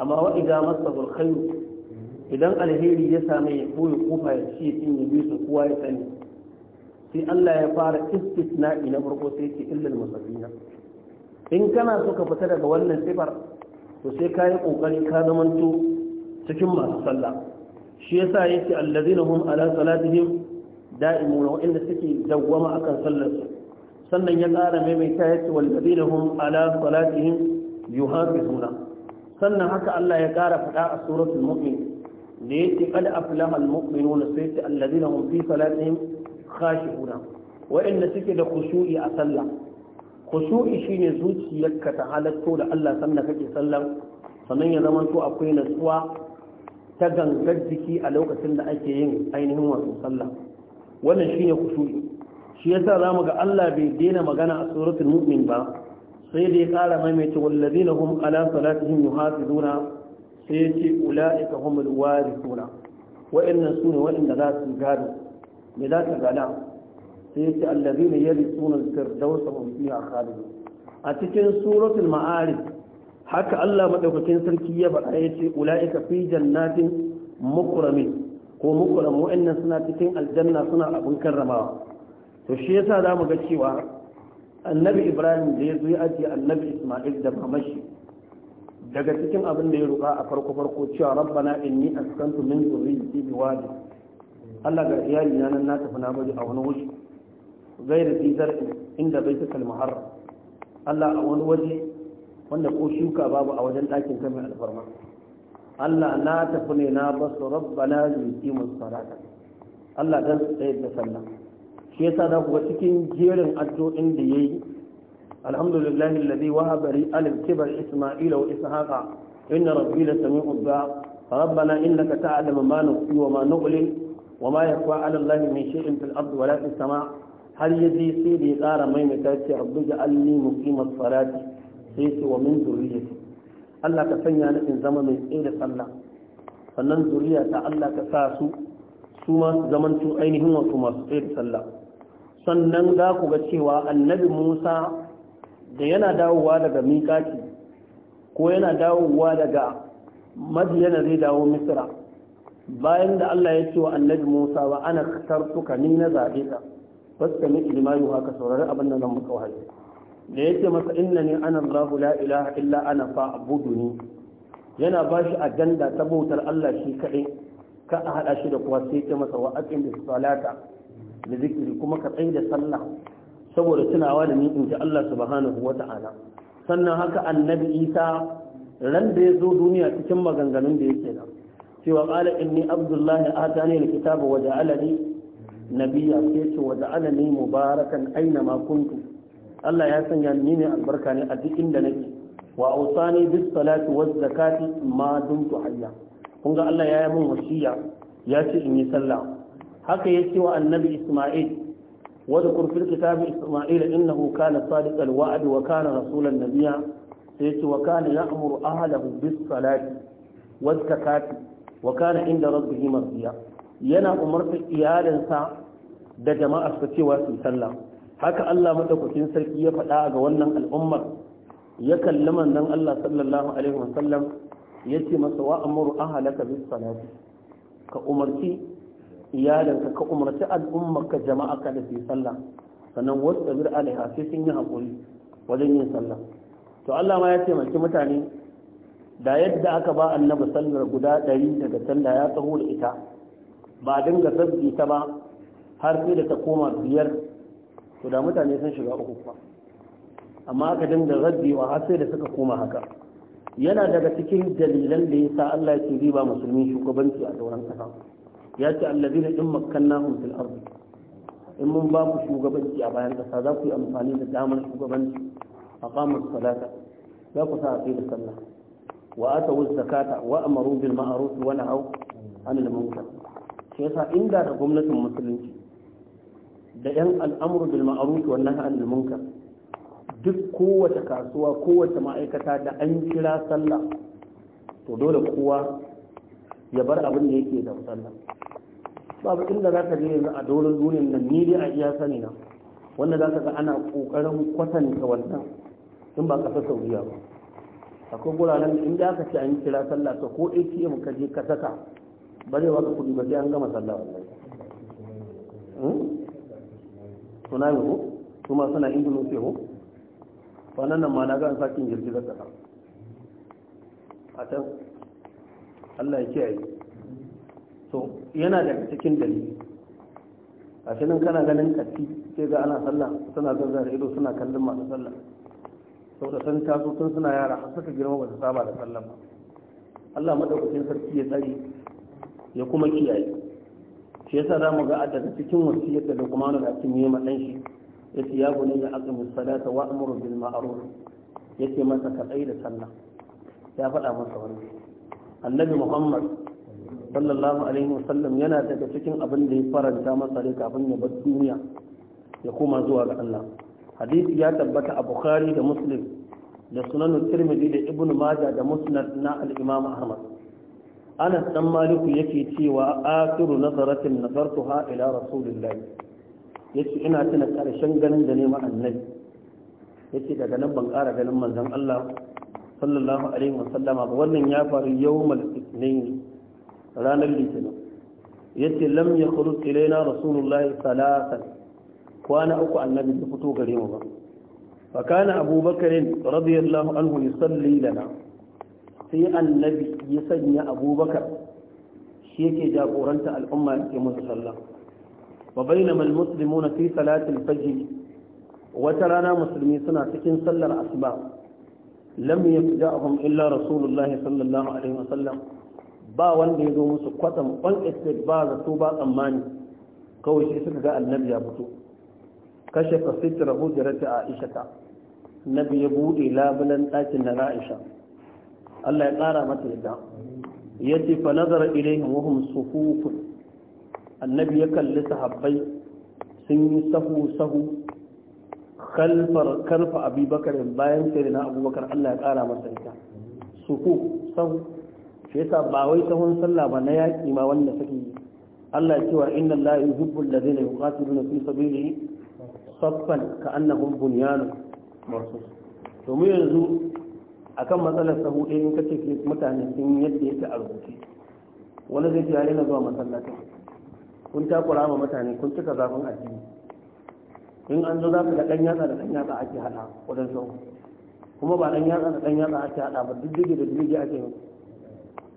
amma wa idan masahu idan alheri ya same ya koyi kofa ya ci in ya bi kowa ya sani sai Allah ya fara istisna'i na farko sai ce illal musafina in kana so ka fita daga wannan sifar to sai ka yi kokari ka zamanto cikin masu sallah shi ya yasa yace allazina hum ala da'imu na wa'inda suke dawwama akan sallar su sannan ya ƙara maimaita ya yace wallazina hum ala salatihim yuhafizuna sannan haka Allah ya ƙara faɗa a suratul mu'min da ya yace qad aflaha almu'minuna sai yace allazina hum fi salatihim khashi'una wa'inda suke da khushu'i a sallah khushu'i shine zuciyarka ta halatto da Allah sannan kake sallar sannan ya zama to akwai natsuwa ta gangar jiki a lokacin da ake yin ainihin wasu sallah wannan shi shine kusuri shi yasa mu ga Allah bai daina magana a suratul mu'min ba sai dai da ya kara maimaita wallazina hum ala salatihim yuhafizuna sai yace ulaika humul warithuna wa'annan sune wa'anda za su gado me za su gada sai yace allazina yarithuna al-firdausa hum fiha khalidun a cikin suratul ma'arij haka Allah madaukakin sarki ya faɗa ya ce ula'ika fi jannatin mukramin ko mukram wa'annan suna cikin aljanna suna abin karramawa to shi yasa zamu ga cewa annabi Ibrahim da ya zo ya ajiye annabi Isma'il da mamashi daga cikin abin da ya ruka a farko farko cewa rabbana inni askantu min dhurriyyati biwadi Allah ga iyali na nan na tafi na a wani wuri gairi fi zar'in inda baitul muharram Allah a wani waje wanda ko shuka babu a wajen ɗakin kamar alfarma Allah na tafi ne na basu rabbana zuki mu sarata Allah dan tsaye da sallah shi yasa da kuga cikin jerin addu'o'in da yayi alhamdulillah alladhi wahaba li alif kibar isma'ila wa ishaqa inna rabbi la sami'u du'a rabbana innaka ta'lamu ma nukhfi wa ma nughli wa ma yakhfa 'ala allahi mai shay'in fil ardi wa la fis sama' hal yadhi sidi qara mai mutaci abdu ja'alni muqima sai ce wa min zuriya Allah ka sanya ni in zama mai tsaye da sallah sannan zuriya ta Allah ka sa su su ma su zamanto ainihin wasu masu tsaye da sallah sannan za ku ga cewa annabi Musa da yana dawowa daga mikaki ko yana dawowa daga madiyana zai dawo Misira, bayan da Allah ya ce wa annabi Musa wa ana kasar suka ni na zaɓe ka wasu kami ilimayu haka saurari abin da nan muka wahayi da ce masa inna ni ana la ilaha illa ana fa ne yana ba shi ta bautar Allah shi kaɗai ka a haɗa shi da kuwa sai ta masa wa aƙin da salata da zikiri kuma ka tsaye da sallah saboda tunawa da ni in ji Allah subhanahu wata'ala sannan haka annabi Isa ran da ya zo duniya cikin maganganun da yake da cewa qala inni abdullahi atani alkitaba wa ja'alani nabiyya sai ce wa ja'alani mubarakan aina ma kuntu Allah ya sanya ni ne albarka ne a duk inda nake wa ausani bis salati waz zakati ma dumtu hayya kun ga Allah ya yi min wasiya ya ce in yi sallah haka ya ce wa annabi Isma'il wa dhkur fil kitabi Isma'il innahu kana sadiqal wa'd wa kana rasulan nabiyya sai ce wa kana ya'muru ahlahu bis salati waz zakati wa kana inda rabbihi mardiya yana umarta iyalinsa da jama'a su cewa su sallah haka Allah madaukakin sarki ya faɗa ga wannan al'ummar ya kalli manzon Allah sallallahu alaihi wasallam yace masa wa amru ahlaka bis salati ka umarci iyalanka ka umarci al'ummarka jama'aka da su sallah sannan wasu alaiha sai sun yi haƙuri wajen yin sallah to Allah ma ya taimaki mutane da yadda aka ba annabi sallar guda ɗari daga sallah ya tsaho da ita ba dinga sabbi ta ba har sai da ta koma biyar to da mutane sun shiga uku kuma amma aka dinga raddi har sai da suka koma haka yana daga cikin dalilan da yasa Allah ya ce zai ba musulmi shugabanci a sauran kasa ya ce allazina in makkannahum fil ardi in mun ba ku shugabanci a bayan kasa za ku yi amfani da damar shugabanci a kamar salata za ku sa a da sallah wa atawu zakata wa amaru bil ma'ruf wa nahaw anil munkar shi yasa inda da gwamnatin musulunci da yan al'amur bil ma'ruf wa nahy anil munkar duk kowace kasuwa kowace ma'aikata da an kira sallah to dole kowa ya bar abin da yake da sallah babu inda za ka je yanzu a doron duniyar nan ni dai a iya sani na wanda za ka ga ana kokarin kwatanta wannan in ba ka saudiya ba akwai guraren in da aka ce an kira sallah to ko atm ka je ka saka ba zai ka kuɗi ba sai an gama sallah wallahi hmm? tsunami ko kuma suna indonesia ko wannan nan ma na ga an sakin girgizar kasa a can allah ya kiyaye so yana daga cikin dalili a shi nan kana ganin ƙarfi sai ga ana sallah suna zanzara ido suna kallon masu sallah sau da sani taso tun suna yara har suka girma ba su saba da sallah ba allah maɗaukacin sarki ya tsari ya kuma kiyaye shi yasa za mu ga a daga cikin wasiyar da Luqman al-Hakim ya ma dan shi yace ya gune ya azumi salata wa amru bil ma'ruf ce masa ka da sallah ya faɗa masa wani annabi Muhammad sallallahu alaihi wasallam yana daga cikin abin da ya faranta masa rai kafin ya bar duniya ya koma zuwa ga Allah hadisi ya tabbata a Bukhari da Muslim da sunan Tirmidhi da Ibn Majah da Musnad na al-Imam Ahmad anas dan maliku yake cewa akiru nazaratin nazartuha ila rasulillahi yace ina tuna karshen ganin da nema annabi yace daga nan ban ƙara ganin manzon Allah sallallahu alaihi wasallama ba wannan ya faru yawmal ithnain ranar litinin yace lam yakhruj ilaina rasulullahi salatan kwana uku annabi bai fito gare mu ba fa kana abubakar radiyallahu anhu yusalli lana sai annabi ya sanya abubakar shi yake jagoranta al'umma ke musu sallah wa bainama na fi salati al wata rana musulmi suna cikin sallar asuba lam yafja'hum illa rasulullahi sallallahu alaihi wasallam ba wanda ya zo musu kwatam on estate ba su ba tsammani kawai shi suka ga annabi ya fito kashe fasitra a aisha ta nabi ya buɗe labulan ɗakin na aisha Allah ya ƙara mata yadda ya ce fa nazara ilaihim wa hum annabi ya kalli sahabbai sun yi sahu sahu kalfar kalfa abubakar bayan sai na abubakar Allah ya ƙara mata yadda sufuf sahu shi yasa ba wai sahun sallah ba na yaƙi ma wanda suke yi Allah ya ce wa inna la yuhibbu alladhina yuqatiluna fi sabilihi saffan ka'annahum bunyanun marsus to mu yanzu akan matsalar sabu ɗaya in kace ke mutane sun yadda yake a rubuce wani zai tare na zuwa masallacin kun takura ma mutane kun cika zafin addini in an zo za ka ga ɗan yatsa da ɗan yatsa ake haɗa wajen sau kuma ba ɗan yatsa da ɗan yatsa ake haɗa ba duk diddige da jirgi ake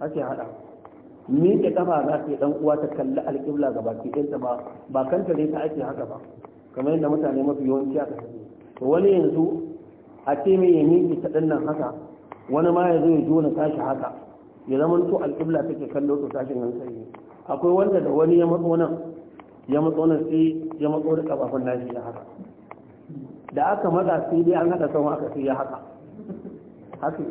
ake haɗa miƙe kafa za ka yi ɗan uwa ta kalli alƙibla ga baki ɗinta ba ba kanta ne ta ake haka ba kamar yadda mutane mafi yawanci aka wani yanzu a ce mai ya miƙe ta ɗin nan haka wani ma ya zo ya jona tashi haka ya zama to alƙibla take kallo to tashin nan sai akwai wanda da wani ya matso nan ya matso nan sai ya matso da kafafun nashi ya haka da aka matsa sai dai an hada sama aka sai ya haka haka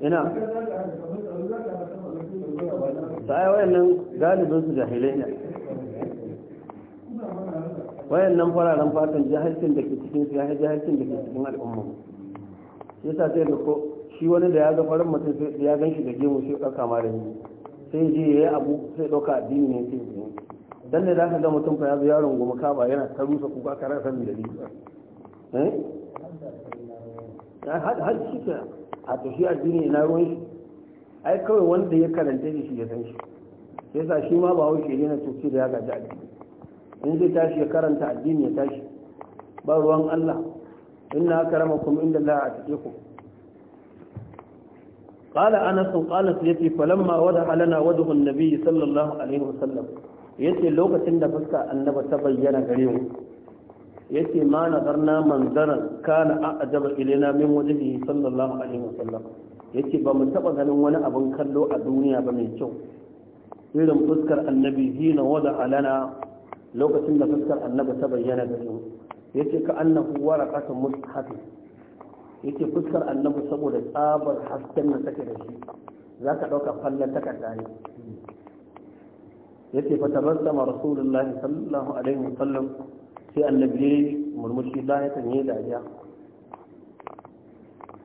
ina sai wayannan galibin su jahilai ne nan fararen fatan jahilcin da ke cikin su ya yi jahilcin da ke cikin al'umma shi sa sai da ko shi wani da ya ga farin mutum sai ya ganshi da gemu sai ɗauka mara yi sai je ya yi abu sai ɗauka addini ne sai yi dan da zaka ga mutum fa ya zo yaron goma kaba yana ta rusa kuka kana san da ni eh har shi ke a to shi addini ina ruwan shi ai kawai wanda ya karanta shi ya san shi sai sa shi ma ba hauke ne na cuci da ya gaji addini in zai tashi ya karanta addini ya tashi ba ruwan Allah inna akramakum inda Allah a cike ku قال أنس قال سيتي فلما وضع لنا وجه النبي صلى الله عليه وسلم yace lokacin da fuska annaba ta bayyana gare mu yace ma nazarna manzaran kana a'jaba ilaina min wajhihi sallallahu alaihi wasallam yace ba mu taba ganin wani abin kallo a duniya ba mai kyau irin fuskar annabi hina wada alana lokacin da fuskar annabi ta bayyana da su ce ka annahu waraqatun mushafi ce fuskar annabi saboda tsabar hasken da take da shi za ka ɗauka fallan takarda ne yace fa tabassama rasulullahi sallallahu alaihi wa wasallam sai annabi murmushi da ya tanye da ya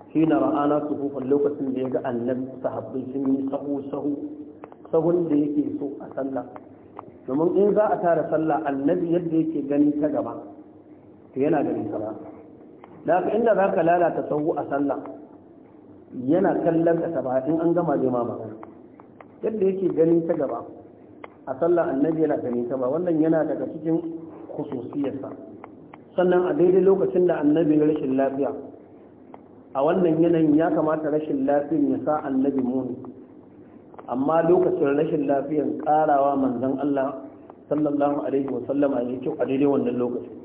حين رآنا صفوفا لوكة ليجا النبي صحابي سمي سهو سهو سهو اللي يكي سوء أسلا domin in za a tara sallah annabi yadda yake gani ta gaba to yana gani ta ba da haka inda za ka lalata sahu a sallah yana kallon ka ba in an gama je ba. yadda yake gani ta gaba a sallah annabi yana gani ta ba wannan yana daga cikin khususiyarsa sannan a daidai lokacin da annabi ya rashin lafiya a wannan yanayin ya kamata rashin lafiyar ya sa annabi muni amma lokacin rashin lafiyan karawa manzan Allah sallallahu alaihi wa sallama ya ce a daidai wannan lokacin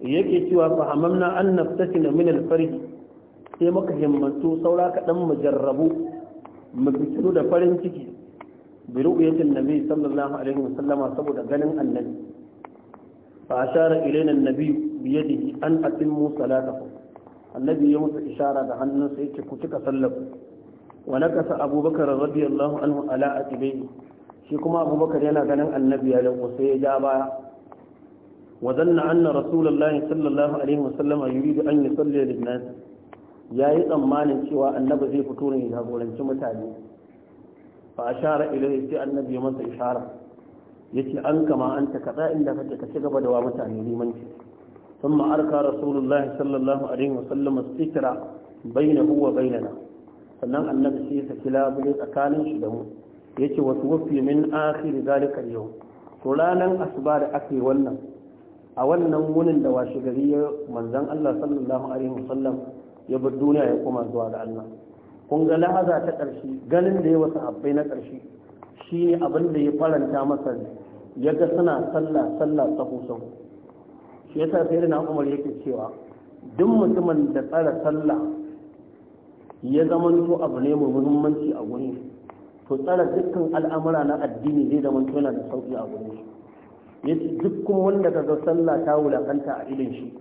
yake cewa fahamamna an naftatina min al-farhi sai muka himmatu saura kaɗan mu jarrabu mu fitilu da farin ciki bi ru'yatin nabi sallallahu alaihi wa sallama saboda ganin annabi fa ashara ilayna an-nabi bi yadihi an atimmu salatakum annabi ya musu ishara da hannunsa yake ku cika sallar. wa nakasa abubakar radiyallahu anhu ala atibai shi kuma abubakar yana ganin annabi ya lanko sai ya ja baya wa zanna anna rasulullahi sallallahu alaihi wasallam yuridu an da lin Ya yi tsammanin cewa annabi zai fito ne ya jagoranci mutane fa ashara ilayhi sai annabi ya masa ishara ce an kama anta kaza inda kake ka ci gaba da wa mutane limanci ثم أركى رسول الله صلى الله عليه وسلم الستر بينه وبيننا sannan annabi sai ya saki labule tsakanin shi da mu yace wasu wafi min akhir zalika yau to ranan asuba da ake wannan a wannan munin da washe gari ya manzan Allah sallallahu alaihi wasallam ya bar duniya ya koma zuwa ga Allah kun ga lahaza ta ƙarshe ganin da ya wasu abbai na ƙarshe shi ne abin da ya faranta masa ya ga suna sallah sallah sahu sahu shi yasa sai da na umar yake cewa duk mutumin da tsara sallah ya zamanto abu ne mai muhimmanci a wurin, to tsara dukkan al'amura na addini zai zamanto yana da sauƙi a wurin shi ya ce dukkan wanda ka ga sallah ta wulakanta a idon shi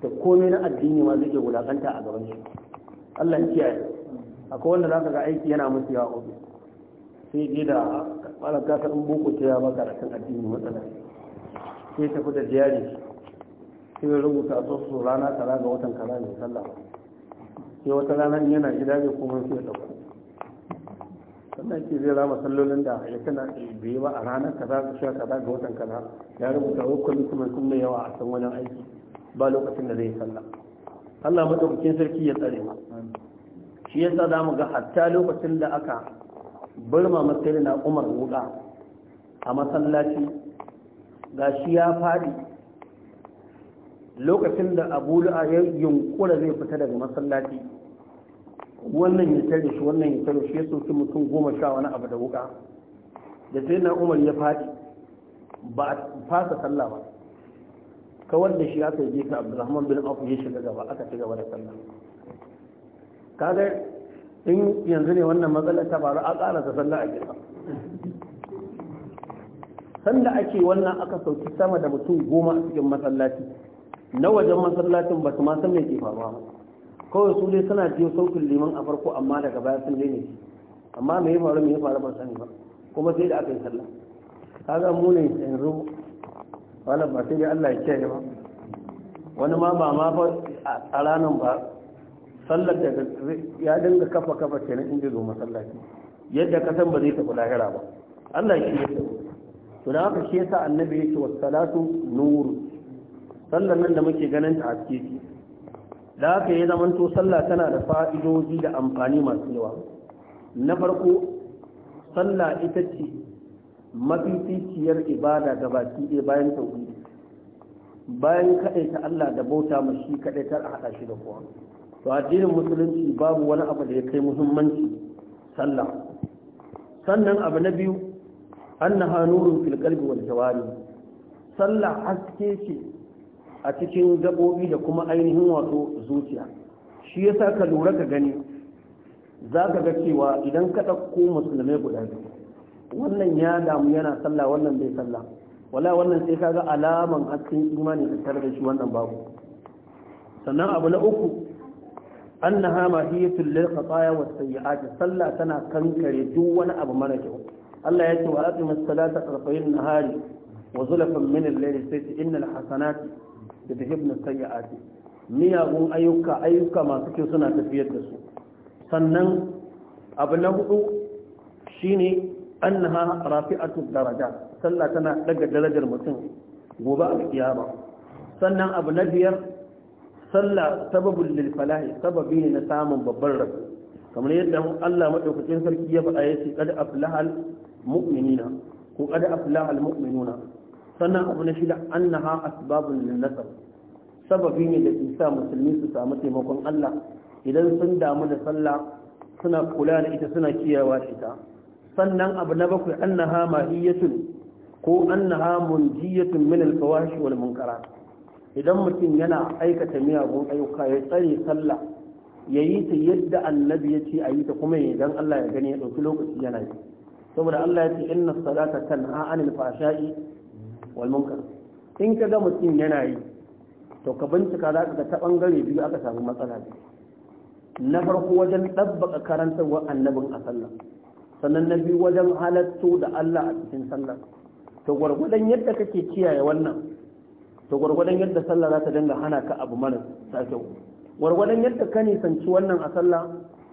da komai na addini ma zai wulakanta a gaban shi Allah ya kiyaye akwai wanda za ka ga aiki yana musu yawa ofis sai je da malam ta san boko ta ya baka da kan addini matsala sai tafi da jiyari sai rubuta a tsotso rana kaza ga watan kaza ne sallah sai wata rana yana gida ne kuma sai ya dauko sannan ke zai rama sallolin da ya kana bai ba a ranar kaza ka sha kaza ga watan kaza ya rubuta hukumi kuma sun mai yawa a san wajen aiki ba lokacin da zai sallah Allah madaukakin sarki ya tsare mu shi yasa za mu ga hatta lokacin da aka burma masallin na Umar wuka a masallaci ga shi ya fadi lokacin da abu da ya yunkura zai fita daga masallaci wannan ya tare shi wannan ya tare shi ya soki mutum goma sha wani abu da wuka da sai na umar ya faɗi ba a fasa sallah ba kawar da shi aka yi ka abdulrahman bin auf ya shiga gaba aka ci gaba da sallah kaga in yanzu ne wannan matsalar ta faru a ƙara ta sallah a gida sanda ake wannan aka sauki sama da mutum goma a cikin masallaci na wajen masallacin ba su ma san me ke faruwa kawai su dai suna jiyo saukin liman a farko amma daga baya sun daina ji amma me ya faru me ya faru ban sani ba kuma sai da aka yi sallah kaga mu ne yanzu wala ba sai dai Allah ya kiyaye ba wani ma ba ma fa a ranar ba sallar da ya dinga kafa kafa kenan inda zo masallaci yadda ka san ba zai tafi lahira ba Allah ya tafi to da haka shi yasa annabi yake was salatu nuru sallar nan da muke ganin ta haske shi. da haka ya zamanto sallah tana da fa'idoji da amfani masu yawa na farko sallah ita ce mafificiyar ibada ga baki ɗaya bayan tauhidi bayan kaɗai ta Allah da bauta mu shi kaɗai ta haɗa shi da kowa to addinin musulunci babu wani abu da ya kai muhimmanci sallah sannan abu na biyu annaha nurun fil qalbi wal jawari sallah haske ce a cikin gaɓoɓi da kuma ainihin wato zuciya shi yasa ka lura ka gani za ka ga cewa idan ka ɗauko musulmai guda biyu wannan ya damu yana sallah wannan bai sallah wala wannan sai kaga alaman hasken imani da tare da shi wannan babu sannan abu na uku annaha mahiyatul lil qataya was sayyi'at sallah tana kankare duk wani abu mara kyau Allah ya ce wa aqimus salata tarfayin nahari wa zulfan min al-layli sai innal hasanati yudhibna sayyi'ati miyagun ayyuka ayyuka masu kyau suna tafiyar da su sannan abu na hudu shine annaha rafi'atu daraja sallah tana daga darajar mutum gobe a kiyama sannan abu na biyar sallah sababul lil falahi sababi ne na samun babban rabu kamar yadda Allah madaukakin sarki ya faɗa yace qad aflahal mu'minina ko qad aflahal mu'minuna sannan abu na shida annaha asbabun lin nasab sababi ne da isa musulmi su samu taimakon Allah idan sun damu da sallah suna kula da ita suna kiyawa ita sannan abu na bakwai annaha mahiyatun ko annaha munjiyatun min al wal munkarat idan mutum yana aikata miyagun ayyuka ya tsare sallah ya yi ta yadda annabi ya ce a yi ta kuma ya dan Allah ya gani ya ɗauki lokaci yana yi saboda Allah ya ce inna salata tanha anil fashai wal munkar in ka ga mutum yana yi to ka bincika za ka ta bangare biyu aka samu matsala na farko wajen ɗabbaka wa annabin a sallah sannan na biyu wajen halatto da Allah a cikin sallah to gwargwadon yadda kake kiyaye wannan to gwargwadon yadda sallah za ta dinga hana ka abu mara ta kyau gwargwadon yadda ka nisanci wannan a sallah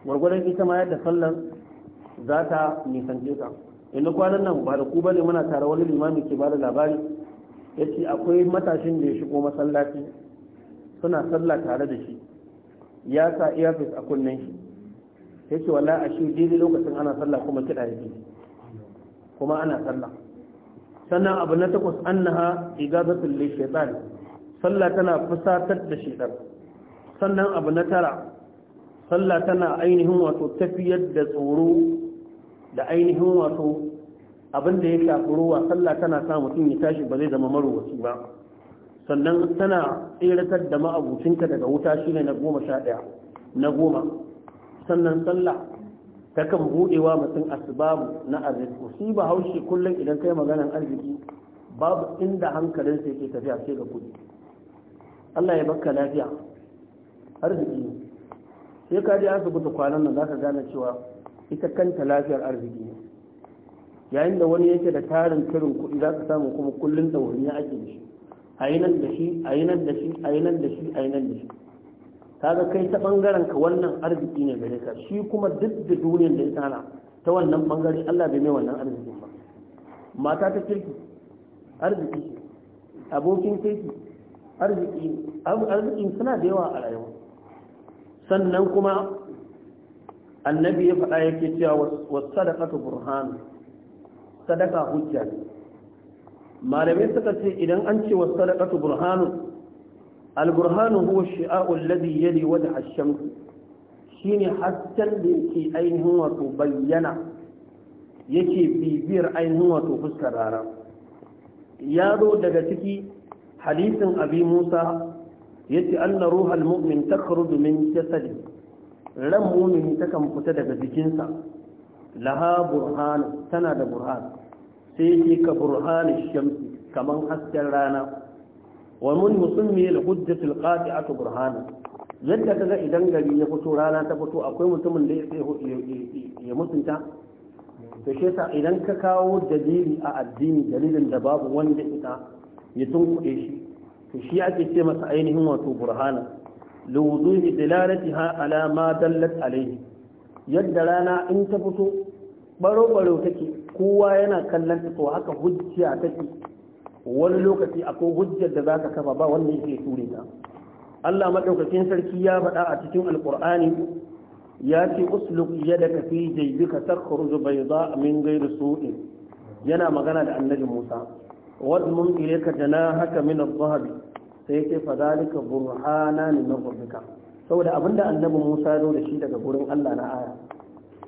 gwargwadon ita ma yadda sallar za ta nisanci ka inda kwanan nan ba da ku bane muna tare wani limami ke bada labari ya ce akwai matashin da ya shigo masallaci suna sallah tare da shi ya sa earpiece a kunnen shi ya ce wala a shi daidai lokacin ana sallah kuma kiɗa ya ce kuma ana sallah sannan abu na takwas annaha igazatul lai shaytan sallah tana fusatar da shaytan sannan abu na tara sallah tana ainihin wato tafiyar da tsoro da ainihin wato abin da ya shafi ruwa sallah tana sa mutum ya tashi ba zai zama marowaci ba sannan tana tseratar da ma'abucinka daga wuta shi ne na goma sha ɗaya na goma sannan sallah ta takan buɗewa mutum asbabu na arziki su ba haushe kullum idan kai maganan arziki babu inda sai yake tafiya sai ga kuɗi Allah ya baka lafiya arziki sai ka je asibiti kwanan nan za ka gane cewa ita kanta lafiyar arziki ne yayin da wani yake da tarin kirin kuɗi za ka samu kuma kullum da wani ake da shi a yi nan da shi a yi nan da shi a yi nan da shi a yi nan da shi ga kai ta ɓangaren ka wannan arziki ne gare ka shi kuma duk da duniyar da ya sana ta wannan ɓangare Allah bai mai wannan arzikin ba mata ta kirki arziki abokin kirki arziki arzikin suna da yawa a rayuwa sannan kuma annabi ya faɗa yake cewa wasu sadakatu burhanu sadaka hujja ne malamai suka ce idan an ce wasu sadaka burhanu alburhanu huwa shi'a'ul ladhi yali wada ash-shams shine hasken da yake ainihin wato bayyana yake bibiyar ainihin wato fuskar rana yaro daga ciki hadisin abi musa yace anna ruhal mu'min takhruju min jasadihi ran mumini takan fita daga jikinsa laha burhan tana da burhan sai ce ka burhan shamsi kaman hasken rana wa mun musulmi da hujjatul qati'atu burhan yadda kaga idan gari ya fito rana ta fito akwai mutumin da ya mutunta to shi yasa idan ka kawo dalili a addini dalilin da babu wanda ita ya tunkuɗe shi to shi ake ce masa ainihin wato burhana liwuduhi dilalatiha ala ma dallat alayhi yadda rana in ta fito baro baro take kowa yana kallon ta to haka hujja take wani lokaci akwai hujjar da zaka kafa ba wanda yake ture ta Allah madaukakin sarki ya faɗa a cikin alqur'ani ya ce usluk yadaka fi jaybika takhruju bayda min ghairi su'in yana magana da annabi Musa wadmum ilayka janahaka min adh-dhahabi sai ce fa zalika burhana min rabbika saboda abinda annabi Musa ya zo da shi daga gurin Allah na aya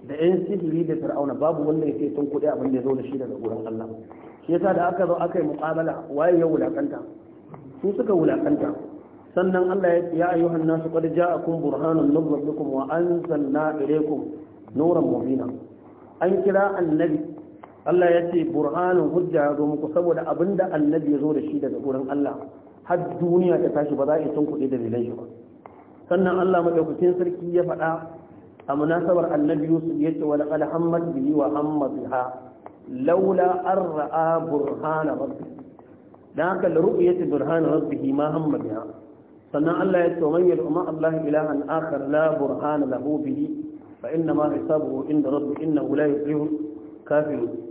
da yan sihiri da fir'auna babu wanda yake tun kuɗi abin da ya zo da shi daga gurin Allah shi yasa da aka zo aka yi muqabala waye ya wulakanta su suka wulakanta sannan Allah ya ce ya ayyuhan nasu qad ja'akum burhanun min rabbikum wa anzalna ilaykum nuran mubina an kira annabi Allah ya ce burhanun hujja ya zo muku saboda abinda annabi ya zo da shi daga gurin Allah har duniya ta tashi ba za a yi tun kuɗi da rilan shi ba sannan Allah madaukakin sarki ya faɗa a munasabar annabi Yusuf ya ce wal alhammat bihi wa amma biha laula an ra'a burhana rabbi dan haka la ru'yati burhana rabbihi ma hamma biha sannan Allah ya ce man yad'u ma Allah ilahan akhar la burhana lahu bihi fa inna ma hisabuhu inda rabbi innahu la yuflihu kafirun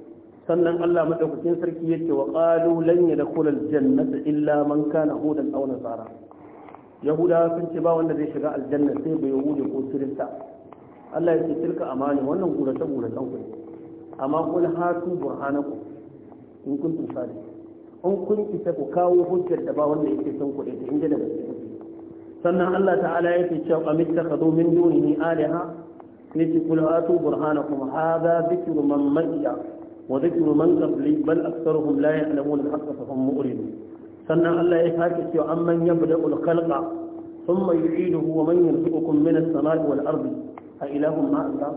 sannan Allah madaukakin sarki yake wa qalu lan yadkhula aljannata illa man kana hudan aw nasara yahuda sun ce ba wanda zai shiga aljanna sai bai yahudi ko kirista Allah ya ce tilka amani wannan gurata guratan ku amma kun hatu burhanaku in kuntum sadiqin in kun isa ku kawo hujjar da ba wanda yake son ku da inda da sannan Allah ta'ala yake cewa amittakhadhu min dunihi alaha yace kul hatu burhanakum hadha dhikru man ma'iya وذكر من قبلي بل أكثرهم لا يعلمون الحق فهم مؤرنون سنة الله يفاكس عمن يبدأ الخلق ثم يعيده ومن يرزقكم من السماء والأرض أإله مع الله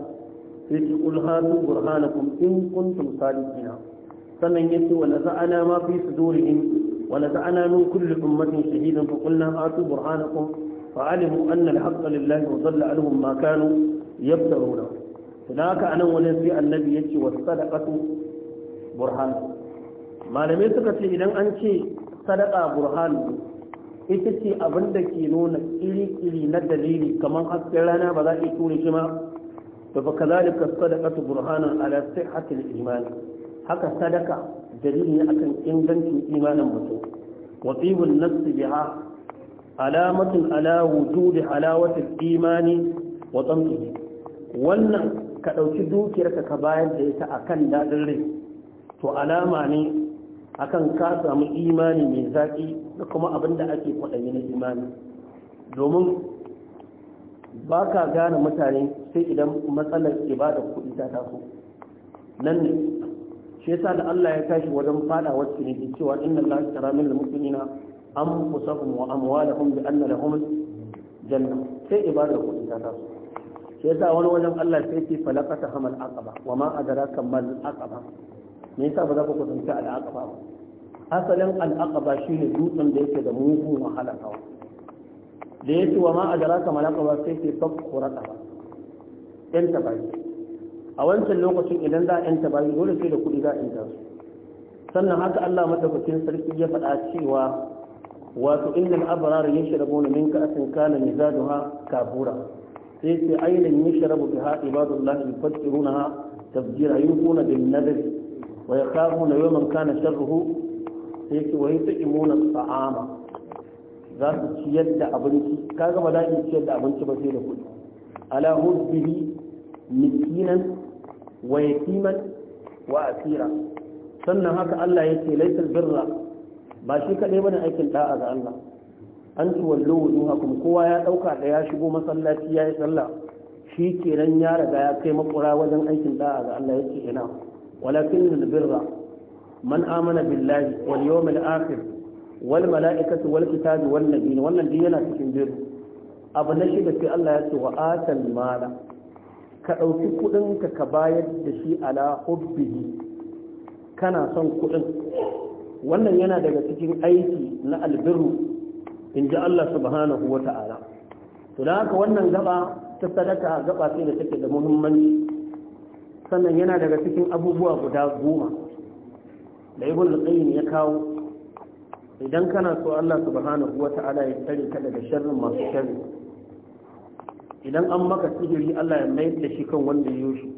قل هاتوا برهانكم إن كنتم صادقين سنة يسوى ونزعنا ما في صدورهم ونزعنا من كل أمة شهيدا فقلنا آتوا برهانكم فعلموا أن الحق لله وضل عنهم ما كانوا يبتغونه to haka anan wani sai annabi yace was sadaqatu burhan malamai suka ce idan an ce sadaka burhan ita ce abin da ke nuna iri-iri na dalili kamar hasken rana ba za a yi shi ma da fa kazalika sadaqatu burhanan ala sihhatil iman haka sadaka dalili ne akan ingancin imanin mutum wa tibul biha alamatun ala wujudi halawatil imani wa tamtihi wannan ka ɗauki dukiyarka ka bayar da ita akan daɗin rai to alama ne akan ka samu imani mai zaƙi da kuma abin da ake kwaɗayi na imani domin ba ka gane mutane sai idan matsalar ibada kuɗi ta taso nan ne shi yasa da Allah ya tashi wajen fada wacce ne cewa inna Allah tara min al-mu'minina anfusahum wa amwalahum bi anna lahum janna sai ibada kuɗi ta taso shi yasa wani wajen Allah sai ce falakata hamal aqaba wa ma adraka mal aqaba me yasa ba za ku kusanci al aqaba ba asalin al aqaba shine dutsen da yake da mugun wahala kawa da yake wa ma adraka mal aqaba sai ce fakku ba? yan tabayi a wancan lokacin idan za a yan tabayi dole sai da kuɗi za a yanta su sannan haka Allah madaukakin sarki ya faɗa cewa wato innal abrar yashrabuna min ka'sin kana mizajuha kafura sai ce ainin yushrabu biha ibadullah yufakkiruna tafjira yuquna bin nadr wa yakhafuna yawman kana sharruhu sai ce wa yutimuna Sa'ama. za su ciyar da abinci Ka gama za su ciyar da abinci ba sai da kuɗi ala hubbihi miskinan wa yatiman wa asira sannan haka Allah ya ce laysal birra ba shi kaɗai ba ne aikin ɗa'a ga Allah an tuwallo wujuhakum kowa ya dauka da ya shigo masallaci ya yi sallah shi kenan ya riga ya kai makura wajen aikin da'a ga Allah yake ina walakin albirra man amana billahi wal yawmil akhir wal mala'ikati wal kitabi wan nabiyyin wannan din yana cikin birru abu na shida sai Allah ya ce wa atal mala ka dauki kudin ka ka bayar da shi ala hubbihi kana son kudin wannan yana daga cikin aiki na albirru in ji Allah subhanahu wa ta'ala to da haka wannan gaba ta sadaka gaba ce da take da muhimmanci sannan yana daga cikin abubuwa guda goma da ibn al-qayyim ya kawo idan kana so Allah subhanahu wa ta'ala ya tsare ka daga sharrin masu sharri idan an maka sihiri Allah ya mai da shi kan wanda ya shi,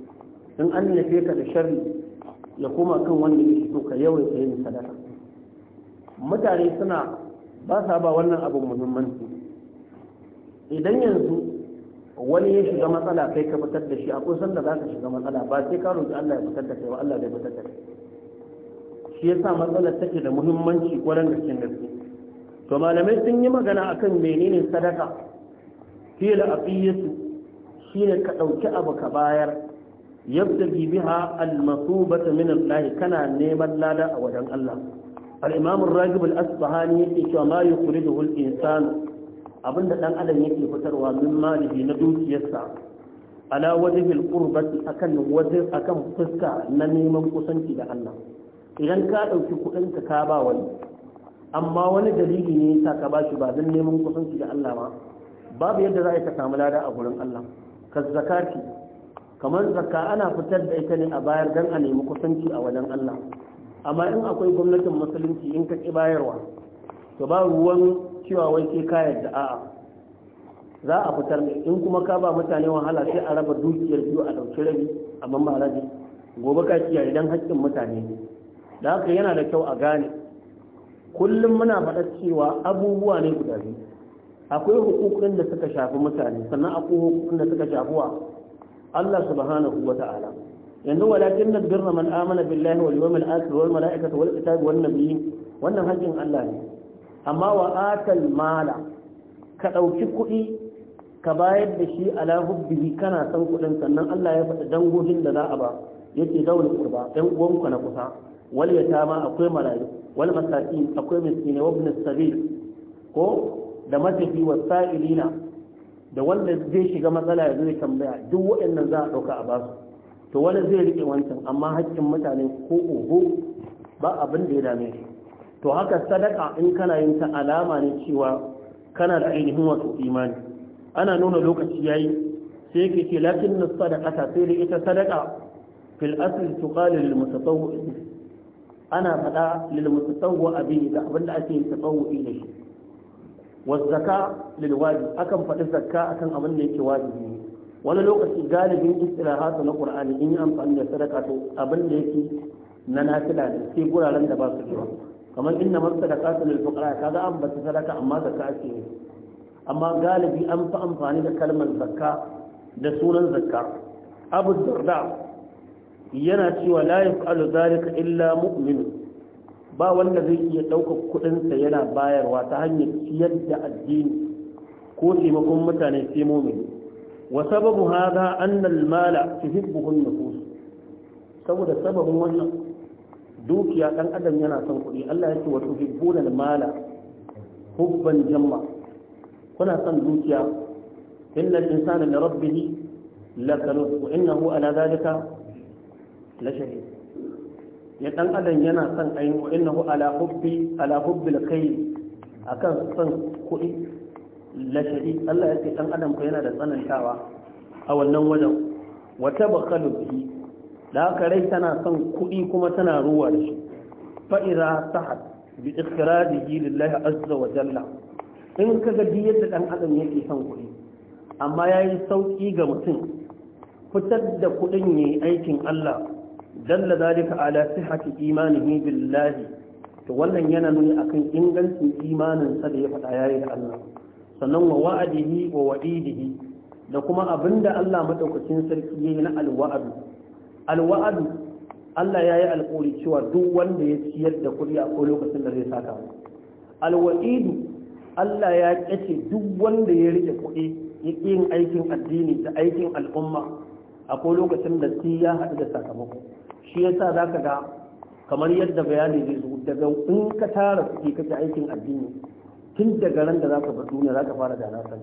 in an nufe ka da sharri ya koma kan wanda ya shi to ka yawaita yin sadaka mutane suna ba sa ba wannan abin muhimmanci idan yanzu wani ya shiga matsala kai ka fitar da shi a kusan da za ka shiga matsala ba sai ka roƙi Allah ya fitar da kai ba Allah ya fitar da kai shi yasa matsalar take da muhimmanci da cikin gaske to malamai sun yi magana akan menene sadaka fiye da afiyatu shine ka ɗauki abu ka bayar yabda biha al-masubata min Allah kana neman lada a wajen Allah Al'imamin imam ar-ragib al yake cewa ma da al-insan abinda ɗan adam yake fitarwa min malihi na dukiyarsa ala wajen qurbati akan wajh akan fuska na neman kusanci da Allah idan ka ɗauki kuɗin ka ka ba wani amma wani dalili ne ya ka bashi ba dan neman kusanci da Allah ba babu yadda za ka samu lada a gurin Allah ka zakati kamar zakka ana fitar da ita ne a bayar dan a nemi kusanci a wajen Allah amma in akwai gwamnatin musulunci in ka bayarwa to ba ruwan cewa wai sai ka yarda a za a fitar da in kuma ka ba mutane wahala sai a raba dukiyar biyu a ɗauki rabi a ban rabi gobe ka kiyaye idan haƙƙin mutane ne da haka yana da kyau a gane kullum muna faɗa cewa abubuwa ne guda biyu akwai hukukun da suka shafi mutane sannan akwai hukukun da suka shafi wa Allah subhanahu wa ta'ala yanzu walakin nan birna man amana billahi wal yawmil akhir wal malaikati wal kitabi wan nabiyyin wannan hakkin Allah ne amma wa atal mala ka dauki kuɗi ka bayar da shi ala hubbihi kana san kuɗin sannan Allah ya faɗi dangogin da za a ba yace zawul qurba dan uwanku na kusa wal yatama akwai marayu wal masakin akwai miskine wa ibn sabil ko da matafi wa sa'ilina da wanda zai shiga matsala ya zai tambaya duk waɗannan za a ɗauka a basu to wani zai rike wancan amma hakkin mutane ko oho ba abin da ya dame shi to haka sadaka in kana yin ta alama ne cewa kana da ainihin wato imani ana nuna lokaci yayi sai yake ce lakin na sadaka sai da ita sadaka fil asli tuqalu lil mutatawwi ana faɗa lil mutatawwi abin da abinda ake yin tatawwi da shi wa zakka lil wajib akan faɗi zakka akan abin da yake wajibi wani lokaci galibin istirahatu na ƙur'ani, in yi amfani da sadaka to abin da yake na nafila ne sai guraren da ba su jiwa kamar inna masadaqatu lil fuqara kaga an bata sadaka amma da ake ne amma galibi an fi amfani da kalmar zakka da sunan zakka abu zurda yana cewa la yaf'alu zalika illa mu'min ba wanda zai iya ɗaukar kuɗinsa yana bayarwa ta hanyar ciyar da addini ko taimakon mutane sai mumin. Wasababu sababu hada annal mala tuhibbuhu an-nufus saboda sababin wannan dukiya dan adam yana son kuɗi Allah yake wa tuhibbuna al-mala hubban jamma kuna son dukiya inna al-insana li rabbih lakanut wa innahu ala dhalika la shahid ya dan adam yana son ainihin ala akan son kuɗi la Allah ya ce dan adam ko yana da tsanantawa a wannan wajen wata bakhalu bi da haka rai tana son kuɗi kuma tana ruwa da shi fa idza sahat bi ikhradihi lillahi azza wa jalla in ka ga yadda ɗan adam yake son kuɗi amma yayi sauki ga mutum fitar da kuɗin yayi aikin Allah dalla zalika ala sihhati imanihi billahi to wannan yana nuni akan ingancin imanin sa da ya faɗa yayi da Allah sannan wa wa'adihi wa wa'idihi da kuma abinda Allah maɗaukacin sarki yayi na alwa'adu alwa'adu Allah ya yi alƙawari cewa duk wanda ya ciyar da kuɗi a lokacin da zai saka alwa'idu Allah ya ƙyace duk wanda ya rike kuɗi ya yin aikin addini da aikin al'umma a lokacin da ya haɗu da sakamako shi ya sa za ka ga kamar yadda bayani zai zo daga in ka tara kuɗi kake aikin addini tun daga ran da za ka zaka bar za ka fara da nasan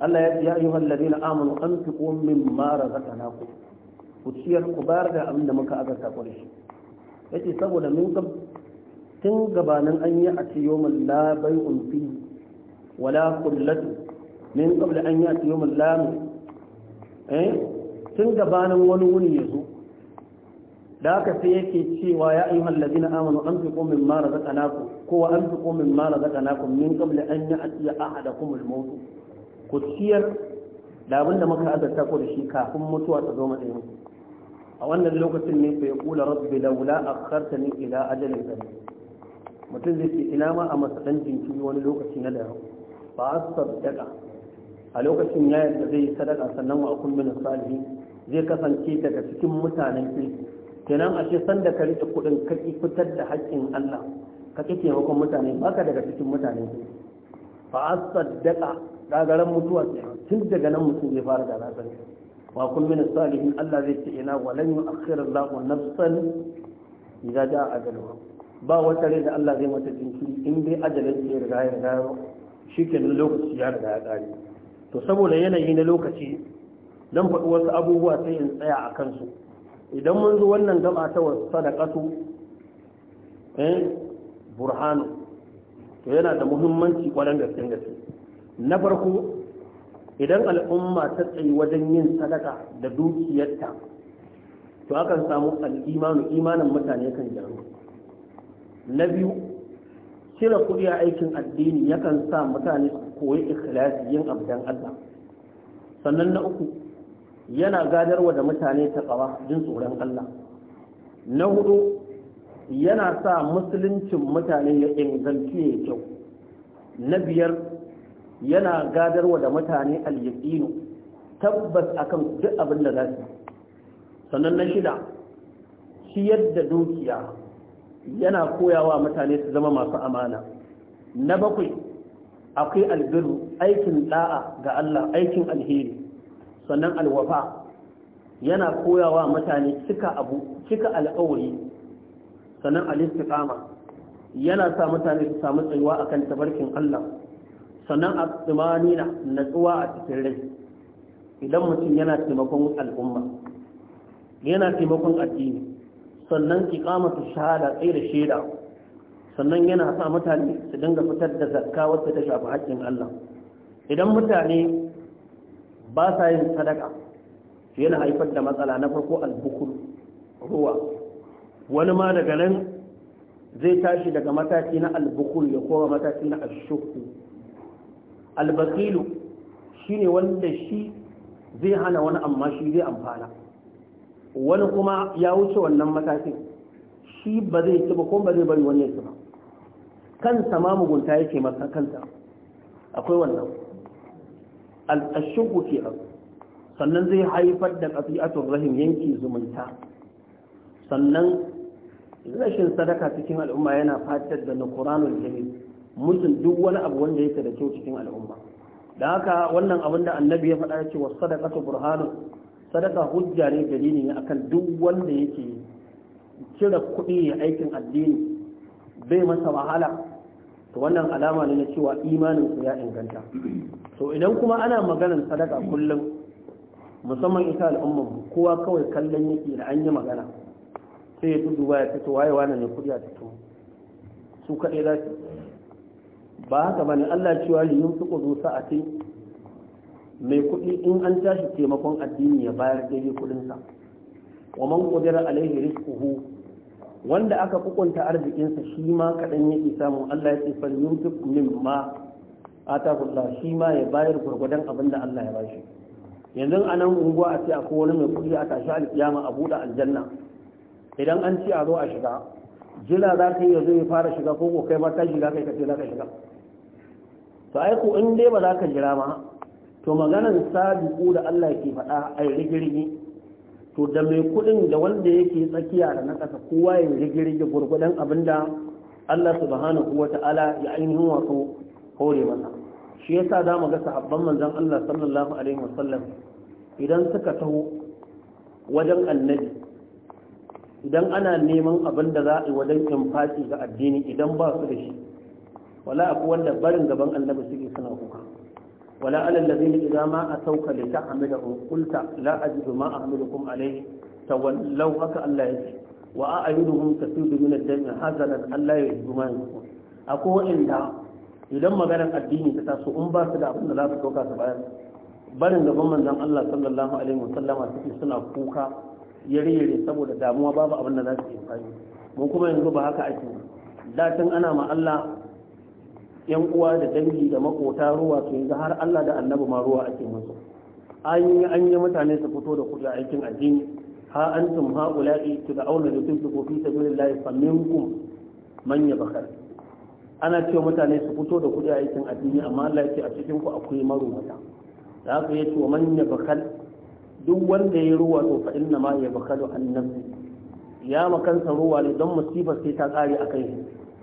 Allah ya yi ce ya ayyuhal ladina amanu anfiqu mimma razaqnakum ku ciyar ku bayar da abin da muka azarta ku da shi yace saboda mun ga tun gabanin an yi a ce min la bai'un fi wala kullatu min qabl an yi a ce min la eh tun gabanin wani wuni ya zo da aka sai yake cewa ya ayyuhal na amanu anfiqu mimma razaqnakum ko anfiqu mimma razaqnakum min qabli an ya'tiya ahadakum kuma maut ku ciyar da abinda muka azarta ko da shi kafin mutuwa ta zo matsayin a wannan lokacin ne fa yaqulu rabbi laula akhartani ila ajalin qarib mutum zai ce ina ma a masadan jinkiri wani lokaci na da ba asabdaqa a lokacin ya yadda zai yi sadaka sannan wa akun min salihin zai kasance daga cikin mutanen kirki kenan a ce sanda ka rike kuɗin ka ki fitar da haƙƙin Allah ka ki taimakon mutane baka daga cikin mutane fa asaddaqa gagaran mutuwa tun daga nan mutum zai fara da rasani wa kun min salihin Allah zai ce ina lan yu'akhkhira Allahu nafsan idza jaa ajaluha ba wata rai da Allah zai mata jinkiri in dai ajalin ya riga ya riga shikenan lokaci ya riga ya kare to saboda yanayi na lokaci dan faɗi wasu abubuwa sai in tsaya a kansu idan mun zo wannan gaba ta sadaqatu eh burhanu to yana da muhimmanci kwaran gaske gaske na farko idan al'umma ta tsayi wajen yin sadaka da dukiyarta to akan samu al'imanu imanin mutane kan jaru na biyu cire kuɗi a aikin addini yakan sa mutane koyi ikhlasi yin abdan Allah sannan na uku yana gadarwa da mutane ta tsawa jin tsoron Allah na hudu yana sa musuluncin mutane ya inganci ya kyau na biyar yana gadarwa da mutane al-yaqinu tabbas akan duk abin da za su sannan na shida ciyar yadda dukiya yana koyawa mutane su zama masu amana na bakwai akwai albiru aikin da'a ga Allah aikin alheri sannan alwafa yana koyawa mutane cika abu cika alƙawari sannan al-istiqama yana sa mutane su samu tsayuwa akan tabarkin Allah sannan at-tumanina natsuwa a cikin rai idan mutum yana taimakon al'umma yana taimakon addini sannan iqamatu shahada tsaye da shaida sannan yana sa mutane su dinga fitar da zakka wacce ta shafi haƙƙin Allah idan mutane ba sa yin sadaka shi yana haifar da matsala na farko albukul ruwa wani ma daga nan zai tashi daga mataki na albukul ya kowa mataki na ashuku albakilu shi ne wanda shi zai hana wani amma shi zai amfana wani kuma ya wuce wannan matakin shi ba zai ci ba kuma ba zai bari wani ya ci ba kansa ma mugunta yake masa kansa akwai wannan al-ashbu sannan zai haifar da qati'atul rahim yanki zumunta sannan rashin sadaka cikin al'umma yana fatar da nuqranul jamil mutum duk wani abu wanda yake da kyau cikin al'umma da haka wannan abin da annabi ya faɗa cewa sadaqatu burhanu sadaka hujja ne dalili ne akan duk wanda yake kira kuɗi a aikin addini bai masa wahala to wannan alama ne na cewa imanin su ya inganta to idan kuma ana maganar sadaka kullum musamman ita al'ummar mu kowa kawai kallon yake da an yi magana sai ya fi duba ya fito waye ne kudi a fito su kaɗai za su ba haka ba ne Allah cewa li yin suko zo sa'ati mai kuɗi in an tashi taimakon addini ya bayar daidai kuɗinsa wa man qadara alaihi wanda aka kukunta arzikinsa shi ma kaɗan yake samun Allah ya ce fal yunfiq mimma atahullah shi ma ya bayar gurgudan abin da Allah ya bashi yanzu anan unguwa a ce akwai wani mai kuɗi a tashi alkiyama a buɗe aljanna idan an ce a zo a shiga jira za ka yi yanzu ya fara shiga ko ko kai ma ka shiga kai ka ce za ka shiga to ai ko in dai ba za ka jira ba to maganar sabiqu da Allah ke faɗa ai rigirgi to da mai kuɗin da wanda yake tsakiya da na ƙasa kowa ya rigirgi gurgudan abin da Allah subhanahu wa ta'ala ya ainihin wato hore masa shi yasa za mu ga sahabban manzon Allah sallallahu alaihi wasallam idan suka taho wajen annabi idan ana neman abin da za a yi wajen infaki ga addini idan ba su da shi wala akwai wanda barin gaban annabi suke suna ولا على الذين إذا ما أتوك لتحملهم قلت لا أجد ما أحملكم عليه تولوا هكا ألا يجي وأعينهم تسيب من الدم حزنا ألا يجد ما يكون أقول إن idan maganar addini ta taso in ba su da abin da za su ɗauka su bayar barin gaban manzon Allah sallallahu alaihi wasallama suke suna kuka yare-yare saboda damuwa babu abin da za su yi mu kuma yanzu ba haka ake da tun ana ma Allah yan uwa da dangi da makota ruwa to yanzu har Allah da annabi ma ruwa ake musu an yi an yi mutane su fito da kuɗi aikin addini ha antum da tud'auna ko tunfiqu fi sabilillahi faminkum man bakar. ana cewa mutane su fito da kuɗi aikin addini amma Allah yake ce a cikin ku akwai marumata da haka ya ce wa man yabkhal duk wanda ya ruwa to fa inna ma yabkhalu an nafsi ya makansa ruwa ne don musibar sai ta kare a kai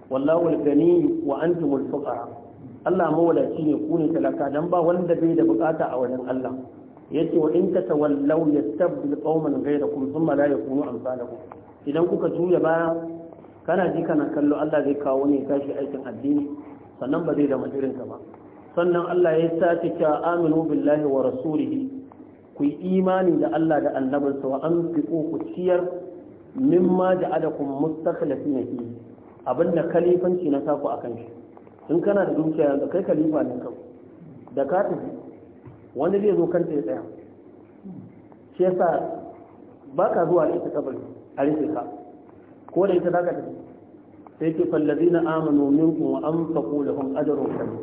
wallahu al-ghani wa antum fuqara Allah mawalaci ne ku ne talaka dan ba wanda bai da bukata a wajen Allah yace wa in tatawallaw yastabdil qauman ghayrakum thumma la yakunu amsalakum idan kuka juya baya kana ji kana kallo Allah zai kawo ne gashi aikin addini sannan ba zai da majirin ka ba sannan Allah ya sace ta aminu billahi wa rasulihi ku yi imani da Allah da annabinsa wa anfiqu ku ciyar mimma ja'alakum mustakhlifina fihi abin da kalifanci na saku a kan shi in kana da dukiya yanzu kai kalifa ne kan da ka tafi wani zai zo kanta ya tsaya shi yasa ba ka zuwa ne ta kabari a rufe ka ko da ita zaka tafi sai ce fallazina amanu minkum wa anfaqu lahum ajrun kabir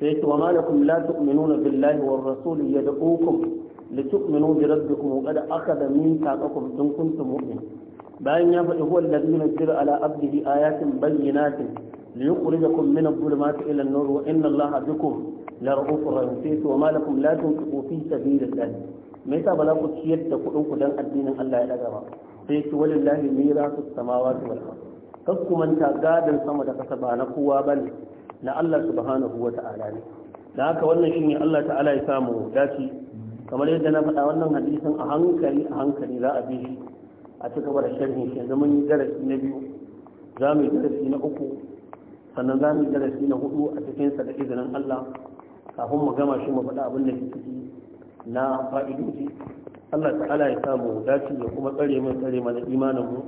sai ce wa malakum la tu'minuna billahi war rasul yad'ukum tuminu bi rabbikum wa qad akhadha min taqakum in kuntum mu'minin bayan ya faɗi huwa zina yunzilu ala abdihi ayatin bayyinatin ليخرجكم من الظلمات إلى النور وإن الله بكم لرؤوف رحيم وما لكم لا تنفقوا في سبيل الله me yasa ba za ku ciyar da kuɗin ku dan addinin Allah ya daga ba sai ki walillahi mirasu samawati wal ard kas ku manta gadan sama da kasa ba na kowa bane na Allah subhanahu wa ta'ala ne dan haka wannan shine Allah ta'ala ya samu dace kamar yadda na faɗa wannan hadisin a hankali a hankali za a bi shi a ci gaba da sharhi yanzu mun yi darasi na biyu za mu yi darasi na uku sannan za mu yi darasi na hudu a cikinsa da izinin Allah kafin mu gama shi mu faɗa abin da ke ciki na fa'idoji Allah ta'ala ya samu dace ya kuma tsare mai tsare mana imanin mu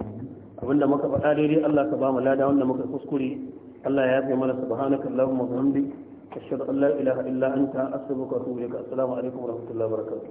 abinda muka faɗa daidai Allah ka ba mu lada wanda muka kuskure Allah ya yafe mana subhanaka allahumma wa bihamdik ashhadu an la ilaha illa anta astaghfiruka wa atubu ilaik assalamu alaikum wa rahmatullahi wa barakatuh